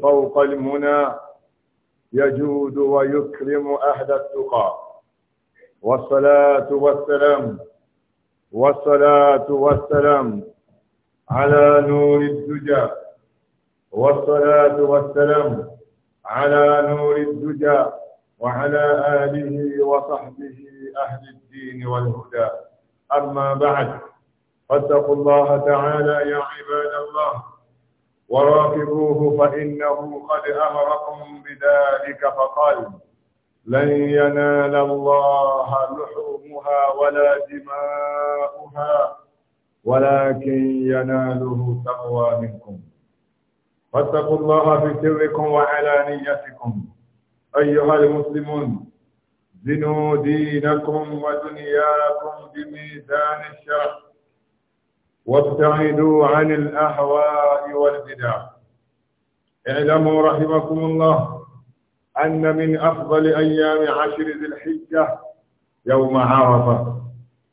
فوق المنى يجود ويكرم أهل التقى والصلاة والسلام والصلاة والسلام على نور الدجى والصلاة والسلام على نور الدجى وعلى آله وصحبه أهل الدين والهدى أما بعد فاتقوا الله تعالى يا عباد الله وراقبوه فإنه قد أمركم بذلك فقال لن ينال الله لحومها ولا دماؤها ولكن يناله تقوى منكم فاتقوا الله في سركم وعلانيتكم أيها المسلمون زنوا دينكم ودنياكم بميزان الشرع وابتعدوا عن الأهواء والبدع اعلموا رحمكم الله أن من أفضل أيام عشر ذي الحجة يوم عرفة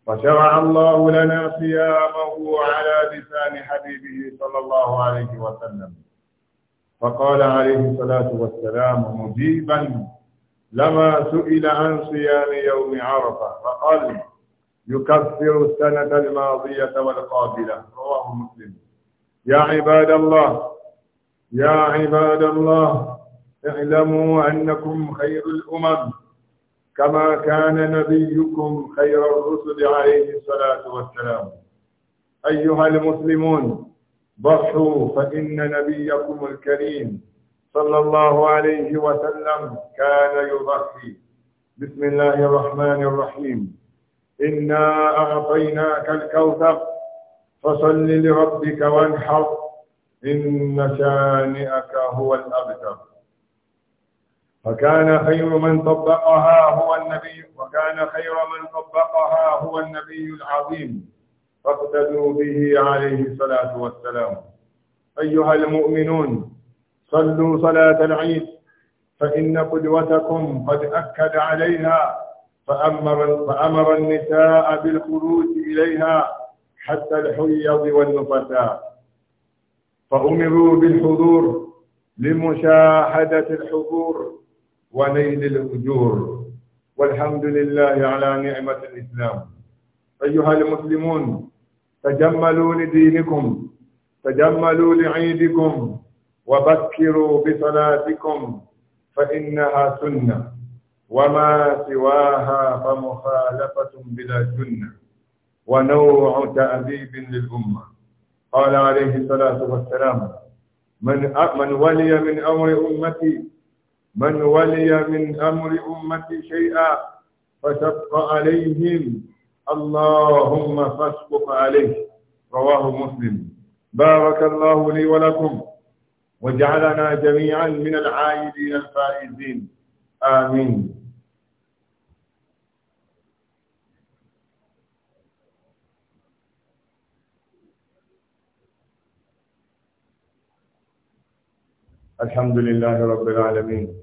فشرع الله لنا صيامه على لسان حبيبه صلى الله عليه وسلم فقال عليه الصلاة والسلام مجيبا لما سئل عن صيام يوم عرفة فقال يكفر السنة الماضية والقابلة رواه مسلم يا عباد الله يا عباد الله اعلموا أنكم خير الأمم كما كان نبيكم خير الرسل عليه الصلاة والسلام أيها المسلمون ضحوا فإن نبيكم الكريم صلى الله عليه وسلم كان يضحي بسم الله الرحمن الرحيم إنا أعطيناك الكوثر فصل لربك وانحر إن شانئك هو الأبتر فكان خير من طبقها هو النبي وكان خير من طبقها هو النبي العظيم فاقتدوا به عليه الصلاة والسلام أيها المؤمنون صلوا صلاة العيد فإن قدوتكم قد أكد عليها فأمر, فأمر النساء بالخروج إليها حتى الحيض والنفساء فأمروا بالحضور لمشاهدة الحضور ونيل الأجور والحمد لله على نعمة الإسلام أيها المسلمون تجملوا لدينكم تجملوا لعيدكم وبكروا بصلاتكم فإنها سنة وما سواها فمخالفة بلا جنة ونوع تأديب للأمة قال عليه الصلاة والسلام من من ولي من أمر أمتي من ولي من أمر أمتي شيئا فشق عليهم اللهم فاشقق عليه رواه مسلم بارك الله لي ولكم وجعلنا جميعا من العائدين الفائزين آمين الحمد لله رب العالمين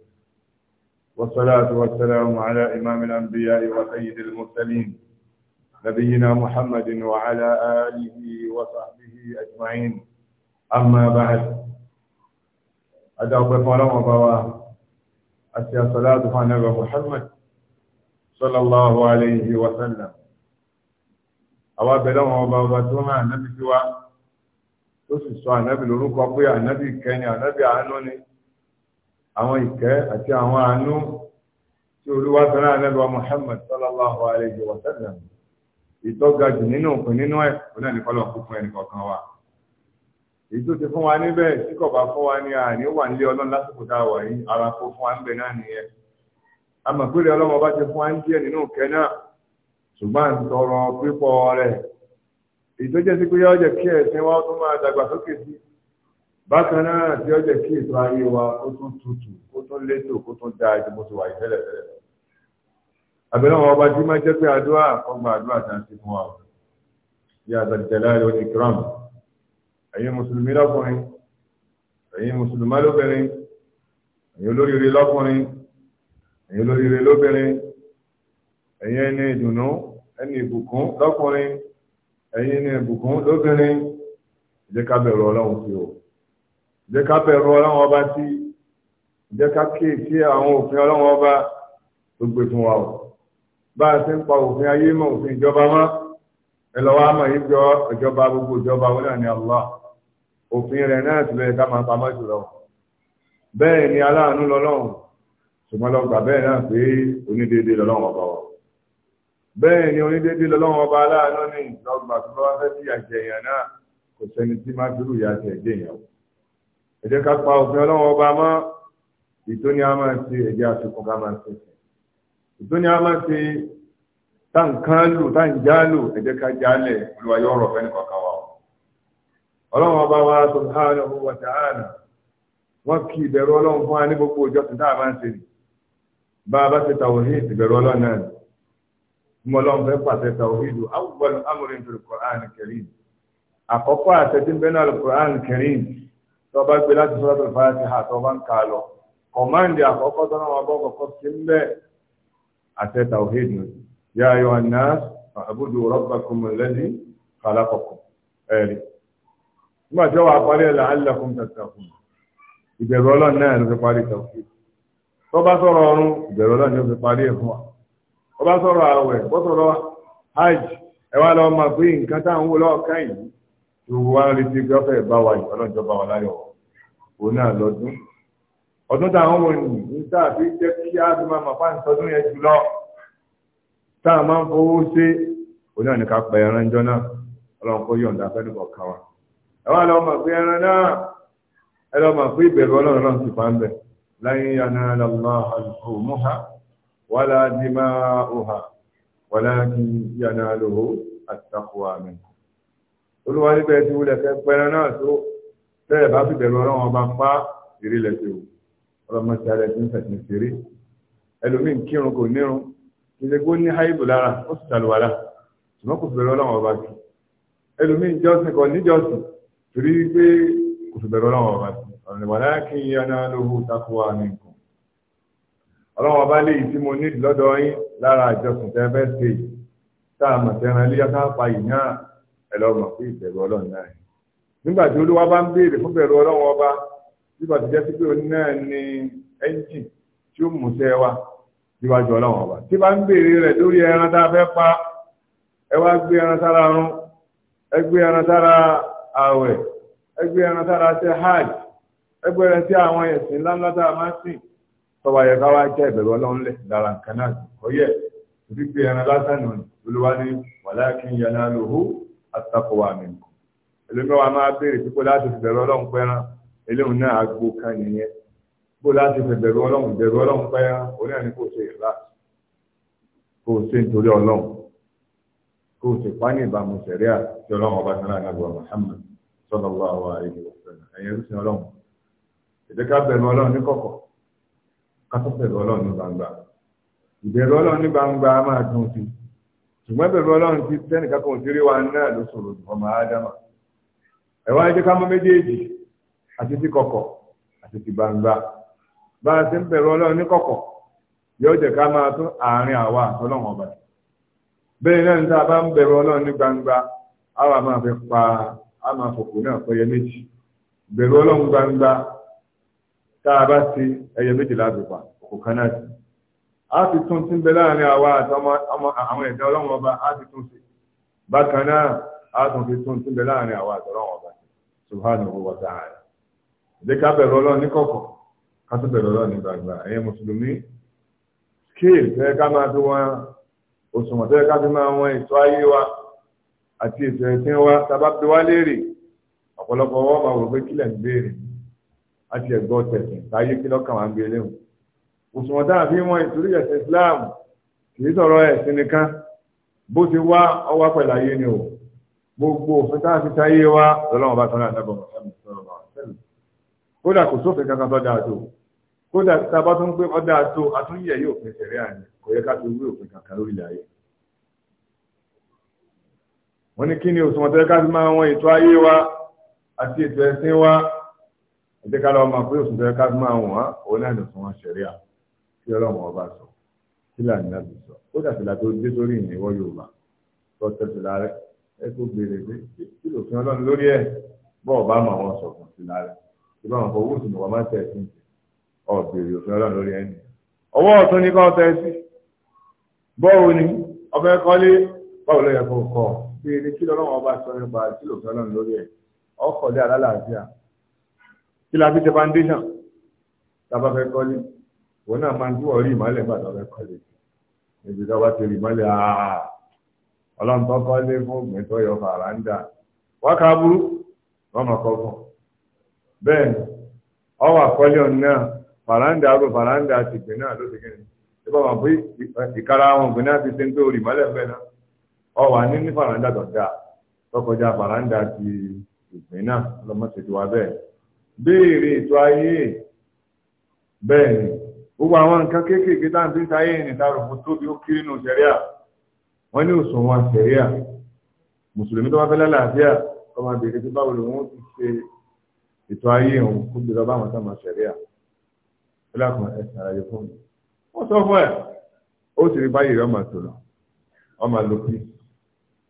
والصلاة والسلام على إمام الأنبياء وسيد المرسلين نبينا محمد وعلى آله وصحبه أجمعين أما بعد أدعو بفرام وبواه àti àsàlátù fún ànábì Muhammad sallallahu alayhi wa sallam àwọn abẹ́lẹ́ wọn ọba ọba tó rán ànábì sí wa tó sì sọ ànábì lórúkọ pé ànábì kẹni ànábì àánú ni àwọn ìkẹ́ àti àwọn àánú tí olúwa sọ náà ànábì wa Muhammad sallallahu alayhi wa sallam ìtọ́gajù nínú òpin nínú ẹ̀ òun náà ní kọ́lọ̀ kún fún ẹnì kọ̀ọ̀kan wa èyí tó ti fún wa níbẹ̀ tí kò bá fún wa ní àní wà nílé ọlọ́run lásìkò tá a wà yìí ara kó fún wa ń bẹ̀ náà nìyẹn a mọ̀ pé ọlọ́run ọba ti fún wa ń díẹ̀ nínú ìkẹ́ náà ṣùgbọ́n à ń tọrọ pípọ̀ rẹ̀ èyí tó jẹ́ sí pé yọ́ọ́ jẹ́ kí ẹ̀sìn wa tó máa dàgbà sókè sí bákan náà tí yọ́ọ́ kí ètò ayé wa ó tún tutù ó tún létò ó tún dáa ju bó ti wà ìtẹ́lẹ̀tẹ́lẹ̀ lọ àbẹ̀lẹ́wọ̀n ọba tí máa jẹ́ pé àdúrà ọgbà àdúrà tá a fún wa yá àtàlìtẹ̀lá ìrọ̀ ìkírọ̀mù ẹ̀yin mùsùlùmí lọ́kùnrin ẹ̀yin mùsùlùmá lóbìnrin ẹ̀yin olóríire lọ́kùnrin ẹ̀yin olóríire lóbìnrin ẹ̀yin ẹni ìdùnnú ẹni ìbùkún lọ́kùnrin ẹ̀yin ẹni ìbùkún lóbìnrin jẹ́ ká bẹ̀rù ọlọ́run sí o jẹ́ ká bẹ̀rù ọlọ́run ọba sí jẹ́ ká kíyèsí àwọn òfin ọlọ́run ọba tó gbé fún wa o bá a ti ń pa òfin ayé mọ́ òfin ìjọba mọ́ ẹ lọ wá mọ̀ ìjọba gbogbo ìjọba wọn náà Allah òfin rẹ̀ náà sì lóye ká máa pamọ́ jùlọ bẹ́ẹ̀ ni aláàánú lọ́lọ́run ṣùgbọ́n lọ gbà bẹ́ẹ̀ náà pé onídéédé lọ́lọ́run ọba wa bẹ́ẹ̀ ni onídéédé lọ́lọ́run ọba aláàánú ní ìlọgbà tó bá fẹ́ sí àjẹ èèyàn náà kò sẹ́ni tí máa dúró ìyá ti ẹ̀jẹ̀ èèyàn o ẹ jẹ́ ká pa òfin ọlọ́run ọba mọ́ ìtóní a máa ṣe ẹ̀jẹ̀ àfikún ká máa ṣe ìtóní a máa ṣe táǹkán lò táǹjá lò ẹ jẹ́ ká jálẹ̀ olùwàyọ̀ ọ̀rọ̀ fẹ́ni kọ̀ọ̀kan wa ọlọ́run ọba wa subhanahu wa ta'ala wọ́n kí ìbẹ̀rù ọlọ́run fún wa ní gbogbo ìjọsìn tá a máa ń ṣe bá a bá ṣe tawhid ìbẹ̀rù ọlọ́run náà mú ọlọ́run fẹ́ pàṣẹ tawhid awwal amrin fil Qur'an karim àkọ́kọ́ àṣẹ tí náà Qur'an karim tó bá gbé láti suratul Fatiha tó bá ń kà lọ kọ̀máǹdì àkọ́kọ́ tó náà wọn bọ́ kọ́kọ́ sí ń bẹ́ àṣẹ nígbà tí ó wà parí ẹ̀ làálẹ̀ fún tẹ̀tẹ̀ fún ìbẹ̀rù ọlọ́run náà ló fi parí tẹ̀wọ́fì tó bá sọ̀rọ̀ ọrún ìbẹ̀rù ọlọ́run ló fi parí ẹ̀ fún wa tó bá sọ̀rọ̀ àwẹ̀ bó sọ̀rọ̀ hajj ẹ wá lọ máa pé nǹkan táwọn wò lọ́ọ̀ ká yìí tó wá retí pé ọ̀fẹ́ bá wa yìí ọlọ́jọ́ bá wa láyọ̀ òun náà lọ́dún ọdún táwọn wò ní níta jẹ́ kí á fi máa máa fáwọn ìtọ́dún yẹn jù lọ táà máa ń fowó ṣe òun náà náà ọlọ́run kó yọ̀ǹda fẹ́ nìkan kan ẹwà lọ mọ̀ pé ẹran náà ẹ lọ mọ̀ pé ìbẹ̀rù ọlọ́run náà ti pa ń bẹ̀ láyé yaná lọ́lọ́ àlùkùmùhà wàlá dìmá òhà wàlá kí yaná lòhó àtàkùwà mi. olúwa níbẹ̀ tí wúlẹ̀ fẹ́ pẹ́ran náà tó tẹ́lẹ̀ bá fi bẹ̀rù ọlọ́run ọba pa ìrìlẹ̀ tó ọlọ́mọ ti alẹ́ tí ń fẹ̀sìn ṣeré ẹlòmíín kírun kò nírun ìṣègùn ní háìbù lára ó sì tàlùwàlà ṣùgbọ́n kò fi bẹ̀rù ọlọ́run ọba jù ẹlòmíín jọ́sìn kò níjọ́sìn torí pé kò sì bẹ̀rù ọlọ́wọ́ ọba sí ọ̀nàmọ̀lá kí n yáná lóhu takuwa ọlọ́wọ́ tí mo ní lọ́dọ̀ yín lára àjọsùn tẹ́ fẹ́ ṣe tá a mọ̀ ilé yàtá pa yìí náà ẹ lọ mọ̀ pé ọlọ́run náà nígbà tí olúwa bá ń béèrè fún ọlọ́wọ́ nígbà jẹ́ sí pé òun náà ni tí ó mú sẹ́ wa síwájú àwẹ̀ ẹgbẹ́ ẹran tára ṣe hajj ẹgbẹ́ rẹ sí àwọn ẹ̀sìn ńláńlá tá a máa ń sìn tọ́wọ́ ayẹ ká wá jẹ́ ìbẹ̀rù ọlọ́run lẹ̀ lára nǹkan náà kò yẹ torí pé ẹran lásán nù olúwa ní walakin yanaluhu at-taqwa minkum ẹlòmíwàá máa béèrè pípọ́ láti fi bẹ̀rù ọlọ́run pẹ́ran eléhùn náà àgbo kan nìyẹn bó láti fi bẹ̀rù ọlọ́run bẹ̀rù ọlọ́run pẹ́ran oní àníkò ṣe ìlà kò ṣe nítorí ọlọ́run kó o pa ní ìbámu sẹ̀ríà tí ọlọ́run ọba sọ́nà àgbà Muhammad sallallahu alaihi wa sallam ẹ̀yìn ẹ̀rúsìn ọlọ́run ká bẹ̀rù ọlọ́run kọ̀kọ̀ gbangba ìbẹ̀rù ọlọ́run gbangba máa dùn sí ṣùgbọ́n ọlọ́run ti tẹ́nì wa náà ló sọ̀rọ̀ ọmọ ádámà ẹ̀wọ́n ká méjèèjì bẹ́ẹ̀ náà ní tá a bá ń ọlọ́run ní gbangba a wà fi pa a fòkò náà fọ méjì bẹ̀rù ọlọ́run gbangba tá a bá ti ẹyẹ méjì láti òkò kan náà sí a ti tún ti ọba a ti tún sí bákan náà a tún fi tún ọba ká ọlọ́run ní kọ̀kọ̀ ká tún gbangba ẹ̀yẹ mùsùlùmí fẹ́ ká òṣùwọ̀n tó yẹ ká fi máa wọn ètò ayé wa àti ètò ẹ̀sìn wa tábà bí wá léèrè ọ̀pọ̀lọpọ̀ wọn máa wò pé kílẹ̀ ń béèrè àti ẹ̀gbọ́ tẹ̀sìn táyé kí lọ́kàn wá ń gbé léwu òṣùwọ̀n tá a fi wọn ìtúrí ẹ̀sìn Islam kì í sọ̀rọ̀ ẹ̀sìn nìkan bó ti wá ọwá pẹ̀lú ayé ni o gbogbo òfin tá a fi táyé wa lọ́lọ́wọ́n bá tọ́lá àdábọ̀ mọ̀ sẹ́mi sọ̀rọ̀ mọ̀ sẹ́mi kódà kò sófin kankan tó dáa tó kódà tàbá tó ń pé ọdá tó àtúnyẹ̀ yóò pín sẹ̀rẹ́ àní kò yẹ ká tó wí òpin kankan lórí ilẹ̀ ayé wọ́n ní kí ni òṣùwọ̀n tẹ́lẹ̀ ká fi máa wọn ètò ayé wa àti ètò ẹ̀sìn wa ẹ̀jẹ̀ ká lọ́ọ́ máa pé òṣùwọ̀n tẹ́lẹ̀ ká fi máa wọ̀n á òun náà ní òṣùwọ̀n sẹ̀rẹ́ à kí ọlọ́run ọba sọ kí làní láti sọ kódà fìlà tó dé sórí ìyìn ìwọ Yorùbá tó tẹ fìlà rẹ ẹ tó béèrè pé kí lòfin ọlọ́run lórí ẹ̀ bọ́ọ̀ bá mọ̀ wọn sọ̀kan ọ̀bẹ̀rẹ̀ òfin ọlọ́run lórí ẹni ọwọ́ ọ̀tún ní kọ́ fẹ́ sí bọ́ọ̀ ni ọbẹ̀ kọ́lé báwo ló yẹ kó kọ́ bí ẹni kí lọ́lọ́run ọba sọ nípa kí lòfin ọlọ́run lórí ẹ ọkọ̀lé alálàáfíà kí la fi ṣe foundation tábà fẹ́ kọ́lé òun náà máa ń dúwọ̀ rí ìmọ̀lẹ̀ bàtà fẹ́ kọ́lé níbi tó bá ti rí ìmọ̀lẹ̀ àà ọlọ́run tó kọ́lé fún ògbìn tó yọ fàràǹdà wákà burú wọ́n mọ̀ kọ́ fún bẹ́ẹ̀ ọwọ́ àkọ́lé ọ̀nà náà fàràǹdà àrò fàràǹdà ti gbìn náà ló ti gbìn ní bá wọn pé ìkara wọn gbìn náà ti ṣe ń tó rì mọ́lẹ̀ fẹ́ náà ọ wà ní ní fàràǹdà dọ̀dà tọkọjá fàràǹdà ti ìgbìn náà lọmọ wa bẹ́ẹ̀ béèrè ètò ayé bẹ́ẹ̀ ni gbogbo àwọn nǹkan kéékèèké tá à ń fi ń sáyé ní ìtaròfò tóbi ó kiri nù sẹ̀ríà wọ́n ní òṣùwọ̀n sẹ̀ríà mùsùlùmí tó bá fẹ́ lálàáfíà kọ́ ẹlẹ́kùn ẹ̀sìn àlàyé fún mi wọ́n sọ fún ẹ̀ ó sì rí báyìí rẹ̀ ọmọ tó lọ ọmọ lo peace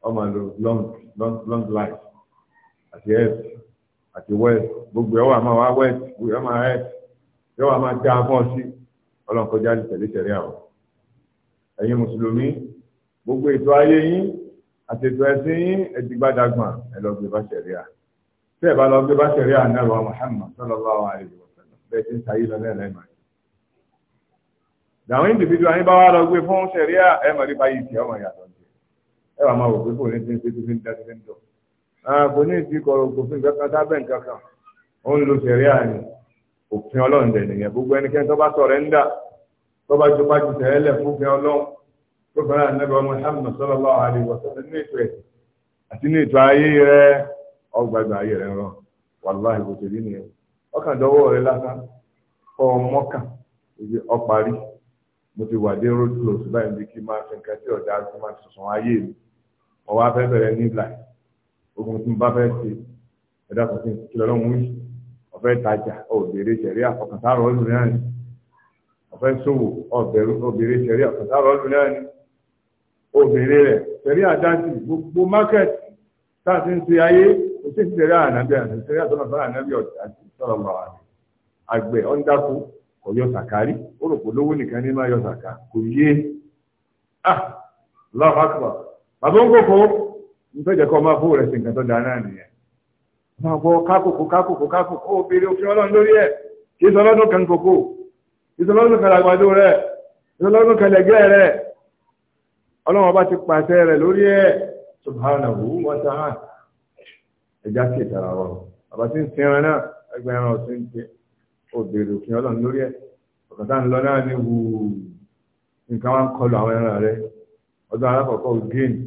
ọmọ lo long long long life àti health àti wealth gbogbo ẹ̀ wà máa wá wealth gbogbo ẹ̀ máa health yóò wá máa dá fún ọ sí ọlọ́run kọjá ní tẹ̀lé tẹ̀lé àwọn ẹ̀yin mùsùlùmí gbogbo ètò ayé yín àti ètò ẹ̀sìn yín ẹ̀dìgbàdàgbà ẹ̀ lọ gbé bá ṣẹ̀ríà tẹ́ ẹ̀ bá lọ gbé bá ṣẹ̀ríà náà wà Muhammad sallallahu alaihi wasallam bẹ́ẹ̀ ti ń sayé lọ lẹ́ẹ̀lẹ́mọ̀ àwọn individual yín bá anyị lọ gbé fún sẹ̀ríà ẹ mọ̀ rí báyìí tí ọmọ ìyàtọ̀ ní ẹ wà máa wò pé kò ní ti ń ṣe tó fi ń dá kò ní kò nǹkan kan nǹkan kan ni òfin nìyẹn gbogbo ẹnikẹ́ni tó bá sọ̀rọ̀ ń dà tó bá jọba ju tẹ̀lẹ̀ fúnfin tó mo ti wà dé road close báyìí bí kí n máa fi nǹkan tí ọ̀dà tí máa sọ̀sọ̀ ayé mi mo wá fẹ́ bẹ̀rẹ̀ ní ìlà ogun tí mo bá fẹ́ ṣe ẹ̀dá kan sí kí lọ́dọ̀ mú yìí ọ̀fẹ́ tajà ọ̀bẹ̀rẹ̀ ṣẹ̀rí àfọkàntárọ̀ ọ̀lù náà ni ọ̀fẹ́ ṣòwò ọ̀bẹ̀rẹ̀ ṣẹ̀rí àfọkàntárọ̀ ọ̀lù náà ni obìnrin rẹ̀ ṣẹ̀rí àdájì gbogbo market tá a ti ń ṣe ayé kò sí ìṣẹ̀rí ànábì àti ìṣẹ̀rí àtọ́nà kò yọ sàkárì ó rò pé lówó nìkan ní máa yọ sàkà kò yé ah Allahu Akbar bàbá ń kókó ń tọ́jà kọ́ máa fowó rẹ̀ sí nǹkan tó dáa náà nìyẹn máa gbọ́ kákòkò kákòkò kákòkò ó béèrè òfin ọlọ́run lórí kì í sọ kan kì í sọ kan kì í sọ kan ọba òbèrè òfin ọlọ́run lórí ẹ̀ ọ̀kàtà ń lọ náà ní wù nǹkan wá ń kọlu àwọn ẹran rẹ ọdún alákọ̀ọ́kọ́ ògéènì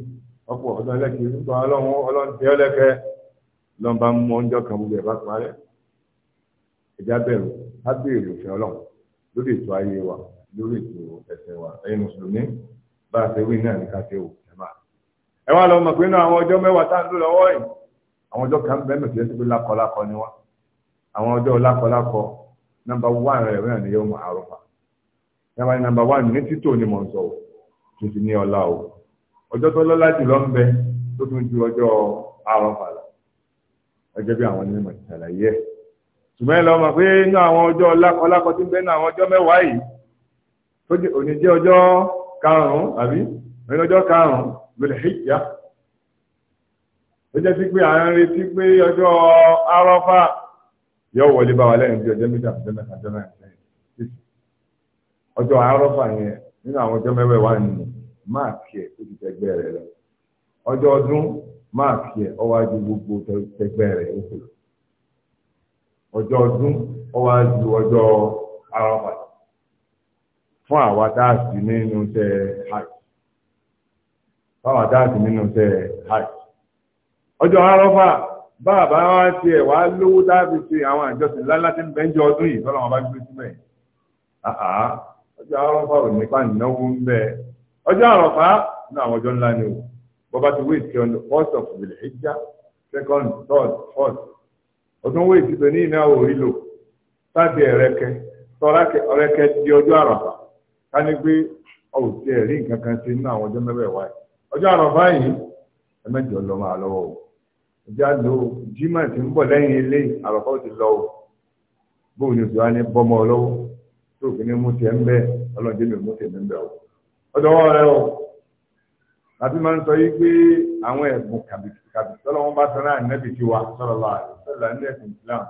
ọ̀pọ̀ ọdún ẹlẹ́kẹ̀ẹ́ nípa ọlọ́run ọlọ́run tẹ́ ọlẹ́kẹ́ lọ́n bá mú ọjọ́ kan gbogbo ẹ̀ bá parẹ́ ẹ̀já bẹ̀rù á béèrè òfin ọlọ́run lórí ètò ayé wa lórí ètò ẹ̀sẹ̀ wa ẹ̀yin mùsùlùmí bá a ṣe wí náà ní káṣẹ́ ò ẹ̀ máa. ẹ wá lọ mọ̀ pé náà àwọn ọjọ́ mẹ́wàá tá à ń lò lọ́wọ́ yìí àwọn ọjọ́ kan bẹ́ẹ̀ mẹ́tẹ́ẹ́sì pé lákọlákọ ni wá àwọn ọjọ́ lákọlákọ nọmba wán rẹ̀ wọ́n ní yóò mọ àrùfà yàrá nọmba wán ní títò ni mọ̀ sọ tó sì ní ọlá o ọjọ́ tó lọ́lá jù lọ ń bẹ tó tún ju ọjọ́ àrùfà lọ ẹgbẹ́ bí àwọn onímọ̀ ìṣàlàyé ẹ̀ ṣùgbọ́n ẹ lọ mọ̀ pé inú àwọn ọjọ́ ọlákọ tí ń bẹ ní àwọn ọjọ́ mẹ́wàá yìí tó òní jẹ́ ọjọ́ karùn-ún àbí òní ọjọ́ karùn-ún lórí hijja ó jẹ́ sí pé à ń retí pé ọjọ́ àrọ́fà yóò wọlé bá wa lẹ́yìn bí ọjọ́ méjì àti mẹ́ta lẹ́yìn ọjọ́ yẹn nínú àwọn ọjọ́ mẹ́wẹ̀ẹ́ wà nínú máàkì ẹ̀ tó ti tẹgbẹ́ rẹ̀ lọ ọjọ́ ọdún máàkì ẹ̀ ọwọ́ gbogbo bàbá wa ti ẹ̀ wá lówó dábì ṣe àwọn àjọsìn lálá tí ń bẹ́ ń jẹ ọdún yìí tọ́lọ́wọ́n bá gbé síbẹ̀ ìnáwó ń ọjọ́ ní àwọn ọjọ́ ńlá ni o bọ́bá ti wéètì first of the ìjà second third fourth ọdún wéètì ní lò ẹ̀rẹ́kẹ di ọjọ́ ká ní pé ti ẹ̀rí nǹkan kan ṣe nínú ẹ ìjà lò ó jimá ti ń bọ̀ lẹ́yìn ilé àròkọ́ ti lọ o bóun ni oṣù wa ní bọ́mọ ọlọ́wọ́ tó fi ní mú tiẹ̀ ń bẹ́ ọlọ́run jẹ́mi mú tiẹ̀ ń bẹ́ o ọdọ wọn rẹ o àti máa ń sọ yí pé àwọn ẹ̀bùn kàbìkàbì tọ́lọ́wọ́n bá sọ náà nẹ́bì tí wa sọ̀rọ̀ lọ àrùn sọ̀rọ̀ ní ẹ̀sìn Islam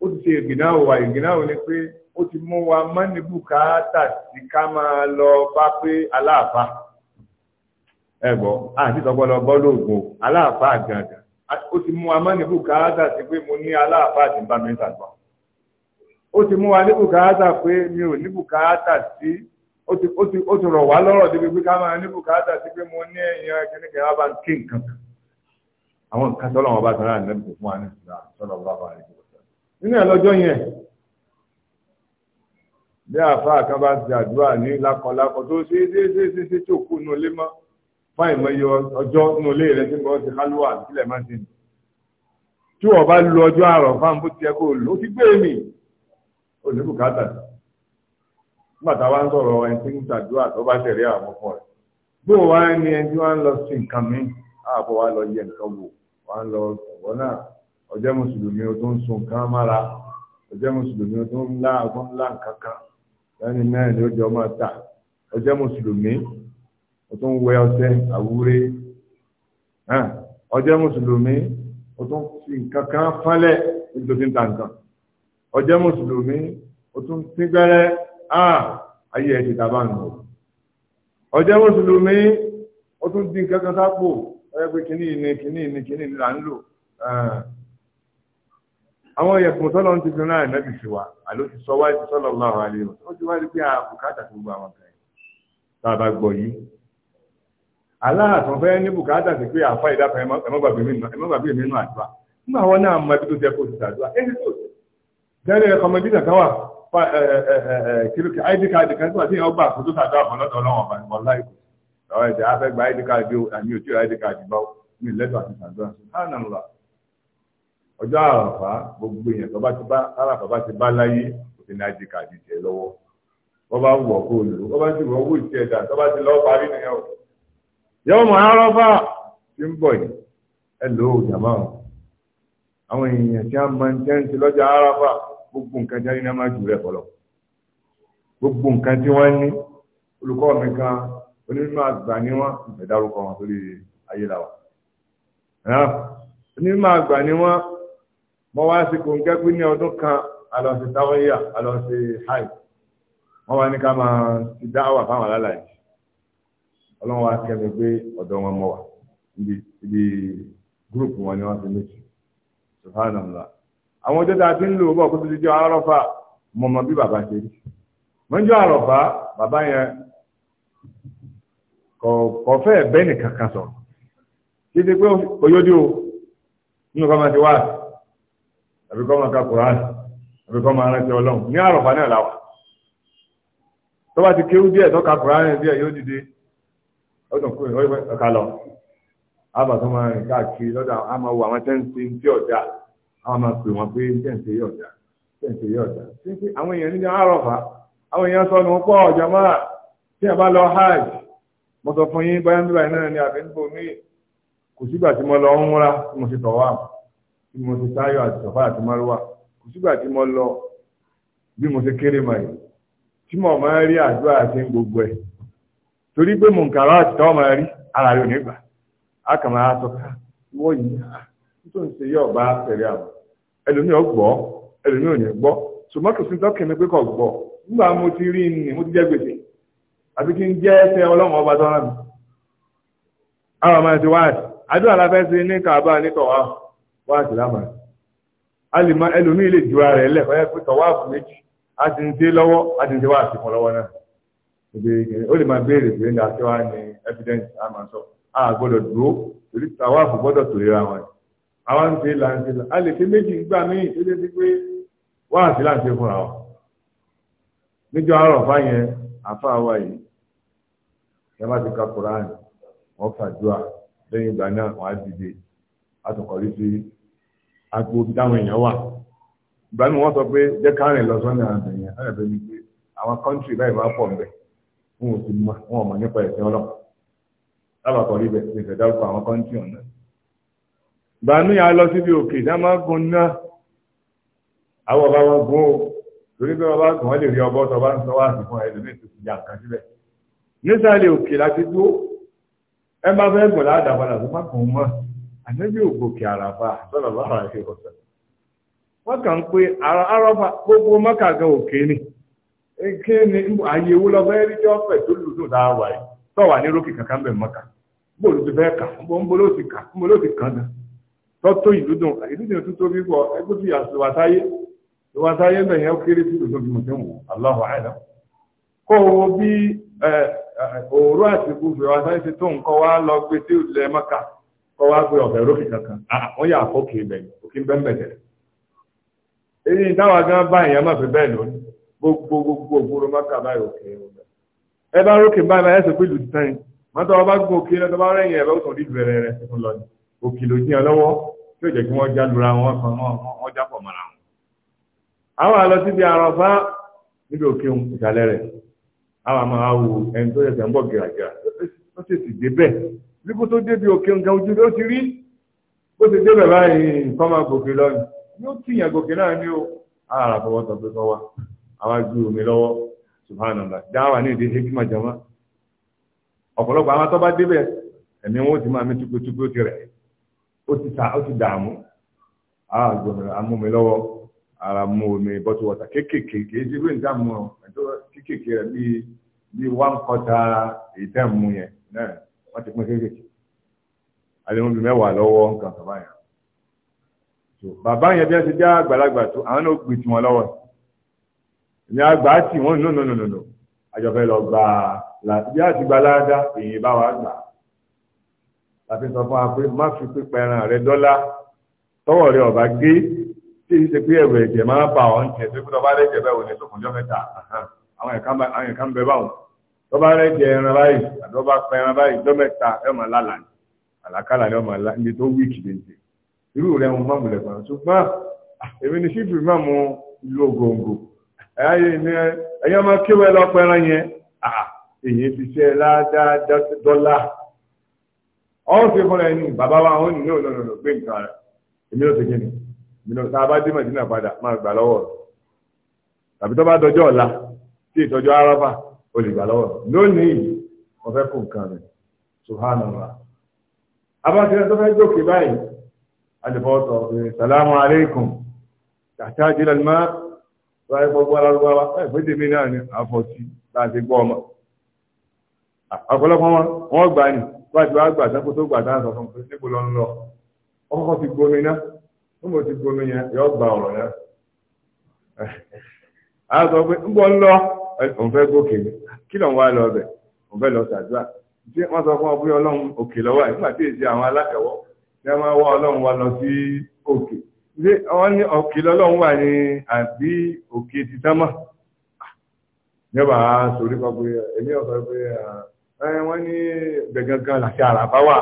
ó ti ṣe ìgbìnáwó wa ìgbìnáwó ni pé ó ti mú wa mọ́nìbù káàtà sí ká máa lọ bá pé aláàfáà ẹ̀gbọ́n àti ìtọ́gbọ́n lọ bọ́ lóògùn aláàfáà gàgà ó ti mú wa mọ́ ní bùkátà sí pé mo ní aláàfáà tí ń bá mi sàgbọ́ ó ti mú wa ní bùkátà pé mi ò ní bùkátà sí ó ti ó ti ó ti rọ̀ wá lọ́rọ̀ débi pé ká máa ní bùkátà sí pé mo ní èèyàn kìnnìkan wá bá ń kí nǹkan kan àwọn nǹkan tọ́lọ́ wọn bá tọ́lá ànábì kò fún wa ní ìsìlá tọ́lọ́ bá bá rí nínú ẹ̀ lọ́jọ́ yẹn bí àáfàá kan bá ti àdúrà ní lákọlákọ tó ṣe é ṣe é ṣe é ṣe tí òkú nulẹ̀ mọ́ fáì mọ́yé ọjọ́ nínú ilé rẹ̀ tí wọ́n ti hálùwà sílẹ̀ máa ti tí wọ́n bá lu ọjọ́ àrọ̀ fáwọn bó ti ẹ kó lò ó ti gbé mi ò ní bùkátà nígbà tá a wá ń sọ̀rọ̀ ẹni tí ń tàdúrà tó o wá ní ẹni tí wọ́n ń lọ sí nǹkan mi àbọ̀ wá lọ yẹ nǹkan wò wá ń lọ ọ̀wọ́ náà ọjọ́ mùsùlùmí o tó ń sun nǹkan mára ọjọ́ mùsùlùmí lá ọgbọ́n ńlá nǹkan kan lẹ́yìn náà ni ó jọ máa o tún wẹ ọṣẹ àwúre ọjọ́ mùsùlùmí o tún fi nǹkan kan fánlẹ̀ nítorí ń ta nǹkan ọjọ́ mùsùlùmí o tún ti gbẹ́rẹ́ ayé ẹ̀ ti dábàá nù ọjọ́ mùsùlùmí o tún di nǹkan kan sápò ọ̀rẹ́ pé kínní ni kínní ni kínní ni là ń lò àwọn ẹ̀kùn sọ́lọ́ ti fi náà nẹ́bì sí wa àló ti sọ wáyé sọ́lọ́ láwọn àlè wọn ó ti wá rí pé àbùkátà gbogbo àwọn kan yìí tá a bá gbọ́ yìí ala fẹ́ ní bùkátà sí pé àfa ìdáfẹ́ ẹmọ́gbàgbé mi nù àdúrà nígbà wọn náà mọ ibi tó jẹ́ kó ti sàdúrà èyí tó tẹ́lẹ̀ kọmọdítà kan wà kìlókì id kan tó àkótó sàdúrà kan lọ́dọ̀ ọ̀rọ̀ ẹ̀jẹ̀ afẹ́ gba àmì òtí bá mi lẹ́tọ̀ àti sàdúrà ọjọ́ yọ́mọ̀ arọ́fà tí ń bọ̀ yìí ẹlò o àwọn èèyàn tí a máa ń tẹ́ǹtì lọ́jà arọ́fà gbogbo nǹkan tí a ní náà máa jù rẹ̀ pọ̀lọ̀ gbogbo nǹkan tí wọ́n ní olùkọ́ mi kan onímọ̀ àgbà ni wọ́n ìfẹ̀dárúkọ wọn lórí ayélujára onímọ̀ àgbà ni wọ́n mọ wá sí kòńkẹ́ pé ní ọdún kan alọ́sẹ̀ táwọ́yà alọ́sẹ̀ háì wọ́n wá ní ká máa ti dáwà fáwọn alálàyé ọlọ́run wa kẹ́mi pé ọ̀dọ̀ wọn mọ̀ wá ibi gúrùpù wọn ni wọ́n ti méjì subhanallah àwọn ọjọ́ tá a ti ń lò ó bọ̀ kó tó ti jọ arọ́fà mọ̀ mọ̀ bí bàbá ṣe rí mọ́jọ́ àrọ̀fà bàbá yẹn kọ̀ fẹ́ bẹ́ẹ̀ nìkan kan sọ̀rọ̀ kí ti pé oyódì o nínú kọ́ máa ti wá àbí kọ́ máa ka Qur'an àbí kọ́ máa rántí ọlọ́run ní àrọ̀fà náà làwà tó bá ti kéwú díẹ̀ tó ka Qur'an díẹ̀ yóò dìde ó dùn ọ̀ka lọ àbà rìn káàkiri lọ́dọ̀ a máa wo àwọn tẹ́ǹsì tí ọ̀dà a máa pè wọ́n pé tẹ́ǹsì yìí ọ̀dà tẹ́ǹsì yìí ọ̀dà tẹ́ǹsì àwọn èèyàn níjà àwọn èèyàn pọ̀ máa tí a bá lọ hajj mo sọ fún yín báyọ̀ níbàyìí náà ni àbí níbo mi tí mo lọ ń múra tí mo ti tọ̀ wá tí mo ti táyọ̀ àti sọ̀fà lọ bí mo ti kéré tí mo máa rí torí pé mò ń kàrọ àti tọ́ máa rí ara rẹ̀ nígbà a kà máa sọ ah, wọ́n yìí ah, tó ń ṣe yọ̀ bá fẹ̀rẹ̀ àbọ̀ ẹlòmíì ò gbọ́ ẹlòmíì ò ní gbọ́ ṣùgbọ́n kò sí tọ́kìnrin pé kò gbọ́ nígbà mo ti rí ni mo ti jẹ́ gbèsè àbí kí n jẹ́ ẹsẹ̀ ọlọ́run ọba mi. àwọn ọmọ ẹ̀sìn wáàtì ní kàbá nítọ̀ wáàtì lè ju ara rẹ̀ lẹ̀ fẹ́ ó lè máa béèrè pé ní àti wá ní evidence a máa sọ a gbọ́dọ̀ dúró torí àwọn àfò gbọ́dọ̀ tó lera wọn àwọn ń ṣe láǹṣe a lè ṣe méjì gbà míì tó ṣe sí pé wá àti láǹṣe fúnra wọn níjọ́ àárọ̀ fáyẹn àfa wa yìí ẹ má ti ka koran wọn fàdúrà lẹ́yìn ìgbà náà wọn á dìde àtọkọrí sí agbo táwọn èèyàn wà ìgbà mi wọn sọ pé jẹ kárìn lọ sọnà àbẹyẹn àbẹyẹn pé àwọn kọńtì báyìí máa pọ̀ nbẹ wọn ò mọ wọn mọ nípa ẹ̀sìn ọlọ́run lábàkọ̀ rí bẹ̀ ṣe ìṣẹ̀dárúkọ àwọn kọ́ńtì ọ̀nà. ìbànú yà lọ síbi òkè dámágun náà ọba wọn gún torí sọ wá sí fún tó ti ya nǹkan síbẹ̀. nísàlẹ̀ òkè láti dúró ẹ máa fẹ́ gùn padà tó má mọ́ ànábì àràfà bá wà ṣe ọ̀sẹ̀. wọ́n kàn ń pé àràfà gbogbo òkè ni. kí ni ààyè owó lọ́gbọ́ ẹ́rí tí wọ́n fẹ̀ tó lù dùn dáa wà yìí tọ́wà ní rókì kankan bẹ̀ mọ́ka bóòlù ti fẹ́ kà ńbóló ti kà ńbóló ti kàn dán tọ́tọ́ ìlú dùn ìlú dùn tó tóbi ẹgbẹ́ sáyé sáyé yẹn kéré bí mo ti ń wò o bí òru àti gbogbo ìwà sáyé ti tó nǹkan wá lọ gbé sí ilẹ̀ wá gbé rókì kankan ah, wọ́n yà gbogbo gbogbo ògbóró mọ́kà báyìí òkè ọ̀gá ẹ bá rókè báyìí báyìí ẹsẹ̀ pé lù ti tán mọ́tò ọba gún òkè lọ́tọ́ bá rẹ̀yìn ẹ̀ bá ó sàn dídú rẹ̀ rẹ̀ fún lọ òkè ló jẹ́ lọ́wọ́ tí ó jẹ́ kí wọ́n já lura wọn kan wọ́n já pọ̀ mọ́ra wọn. àwọn àlọ síbi àràfá níbi òkè ìsàlẹ̀ rẹ̀ àwọn àmọ́ àwò ẹni tó yẹsẹ̀ ń bọ̀ gìràgìrà ó sì sì dé bẹ́ẹ̀ bí kò tó débi àwa gbé omi lọ́wọ́ subhanallah dáwà ní hekima jama ọ̀pọ̀lọpọ̀ àwọn tó débẹ̀ ẹ̀mí wọn ó ti máa mi ó ti ta ó ti dààmú lọ́wọ́ ara mú omi bọ́tù wọ́tà kìí ṣe bí nǹkan mú ẹ̀tọ́ bíi bíi wá ń kọta yẹn náà wọ́n ti pín bíi mẹ́wàá lọ́wọ́ nǹkan yẹn. bàbá yẹn èmi àgbà tì wọ́n nù nù nù nù àjọpẹ́ lọ gbà á bí àti gbà ládá èyí bá wà gbà á láti sọ fún wa pé má fi pípa ẹran rẹ dọ́là tọwọ́ rẹ ọ̀bá gé tí èyí ṣe pé ẹ̀rù ẹ̀jẹ̀ máa bà ọ́ ń tẹ̀ sí pé tọ́ba rẹ̀jẹ̀ bẹ́ẹ̀ wò ní sókùnjọ́ mẹ́ta àwọn ẹ̀ka ń bẹ báwọn tọ́ba rẹ̀jẹ̀ ẹran báyìí àdọ́ba pa ẹran báyìí dọ́mẹ́ta ẹ̀ máa lálàá àlàkálà ni ọmọ ní tó wíìkì lè irú rẹ̀ wọn má e máa kíwẹ́ lọ́pẹ́ran yẹn èyí fi ṣe ládàá ọ̀hún ṣe fúnra ẹni bàbá wa àwọn ènìyàn náà lọ́nà nǹkan rẹ̀ èmi ló ti kí ni èmi ló sábà dé màdínà padà máa gbà lọ́wọ́ rẹ̀ tàbí tó bá dọjọ́ ọ̀la tí ìtọ́jú arábà lè gbà lọ́wọ́ rẹ̀ lónìí wọ́n fẹ́ kó nǹkan rẹ̀ abáṣẹ́ tó fẹ́ jókè báyìí salamu láyé gbogbo alárúgbáwá ẹgbẹ́dẹ̀ mi náà ni àfọ̀tí láti gbọ́ ọmọ ọ̀pọ̀lọpọ̀ wọn wọ́n gbà ní wájú wá gbà sẹ́kù tó gbà dáhùn sọ̀tún pé níbo lọ ń lọ ọkọ̀ ti gbomi náà níbo ti gbomi yẹn yọ gba ọ̀rọ̀ náà a sọ pé níbo ń lọ òun fẹ́ gòkè mi kí lòun wá lọ ọbẹ̀ òun fẹ́ lọ sàdúrà tí wọ́n sọ fún ọ pé ọlọ́run òkè lọ́wọ́ ẹ̀ nígbà tí èsì àwọn alákẹ̀wọ́ tí wọ́n máa wá ọlọ́run wá lọ sí òkè ṣe wọ́n ní òkè lọ́lọ́run wà ní àbí òkè ti tán mọ́ yọba sórí kan pé èmi ọ̀sán pé ah, wọ́n ní gbẹ̀gàn kan làṣẹ àràbá wà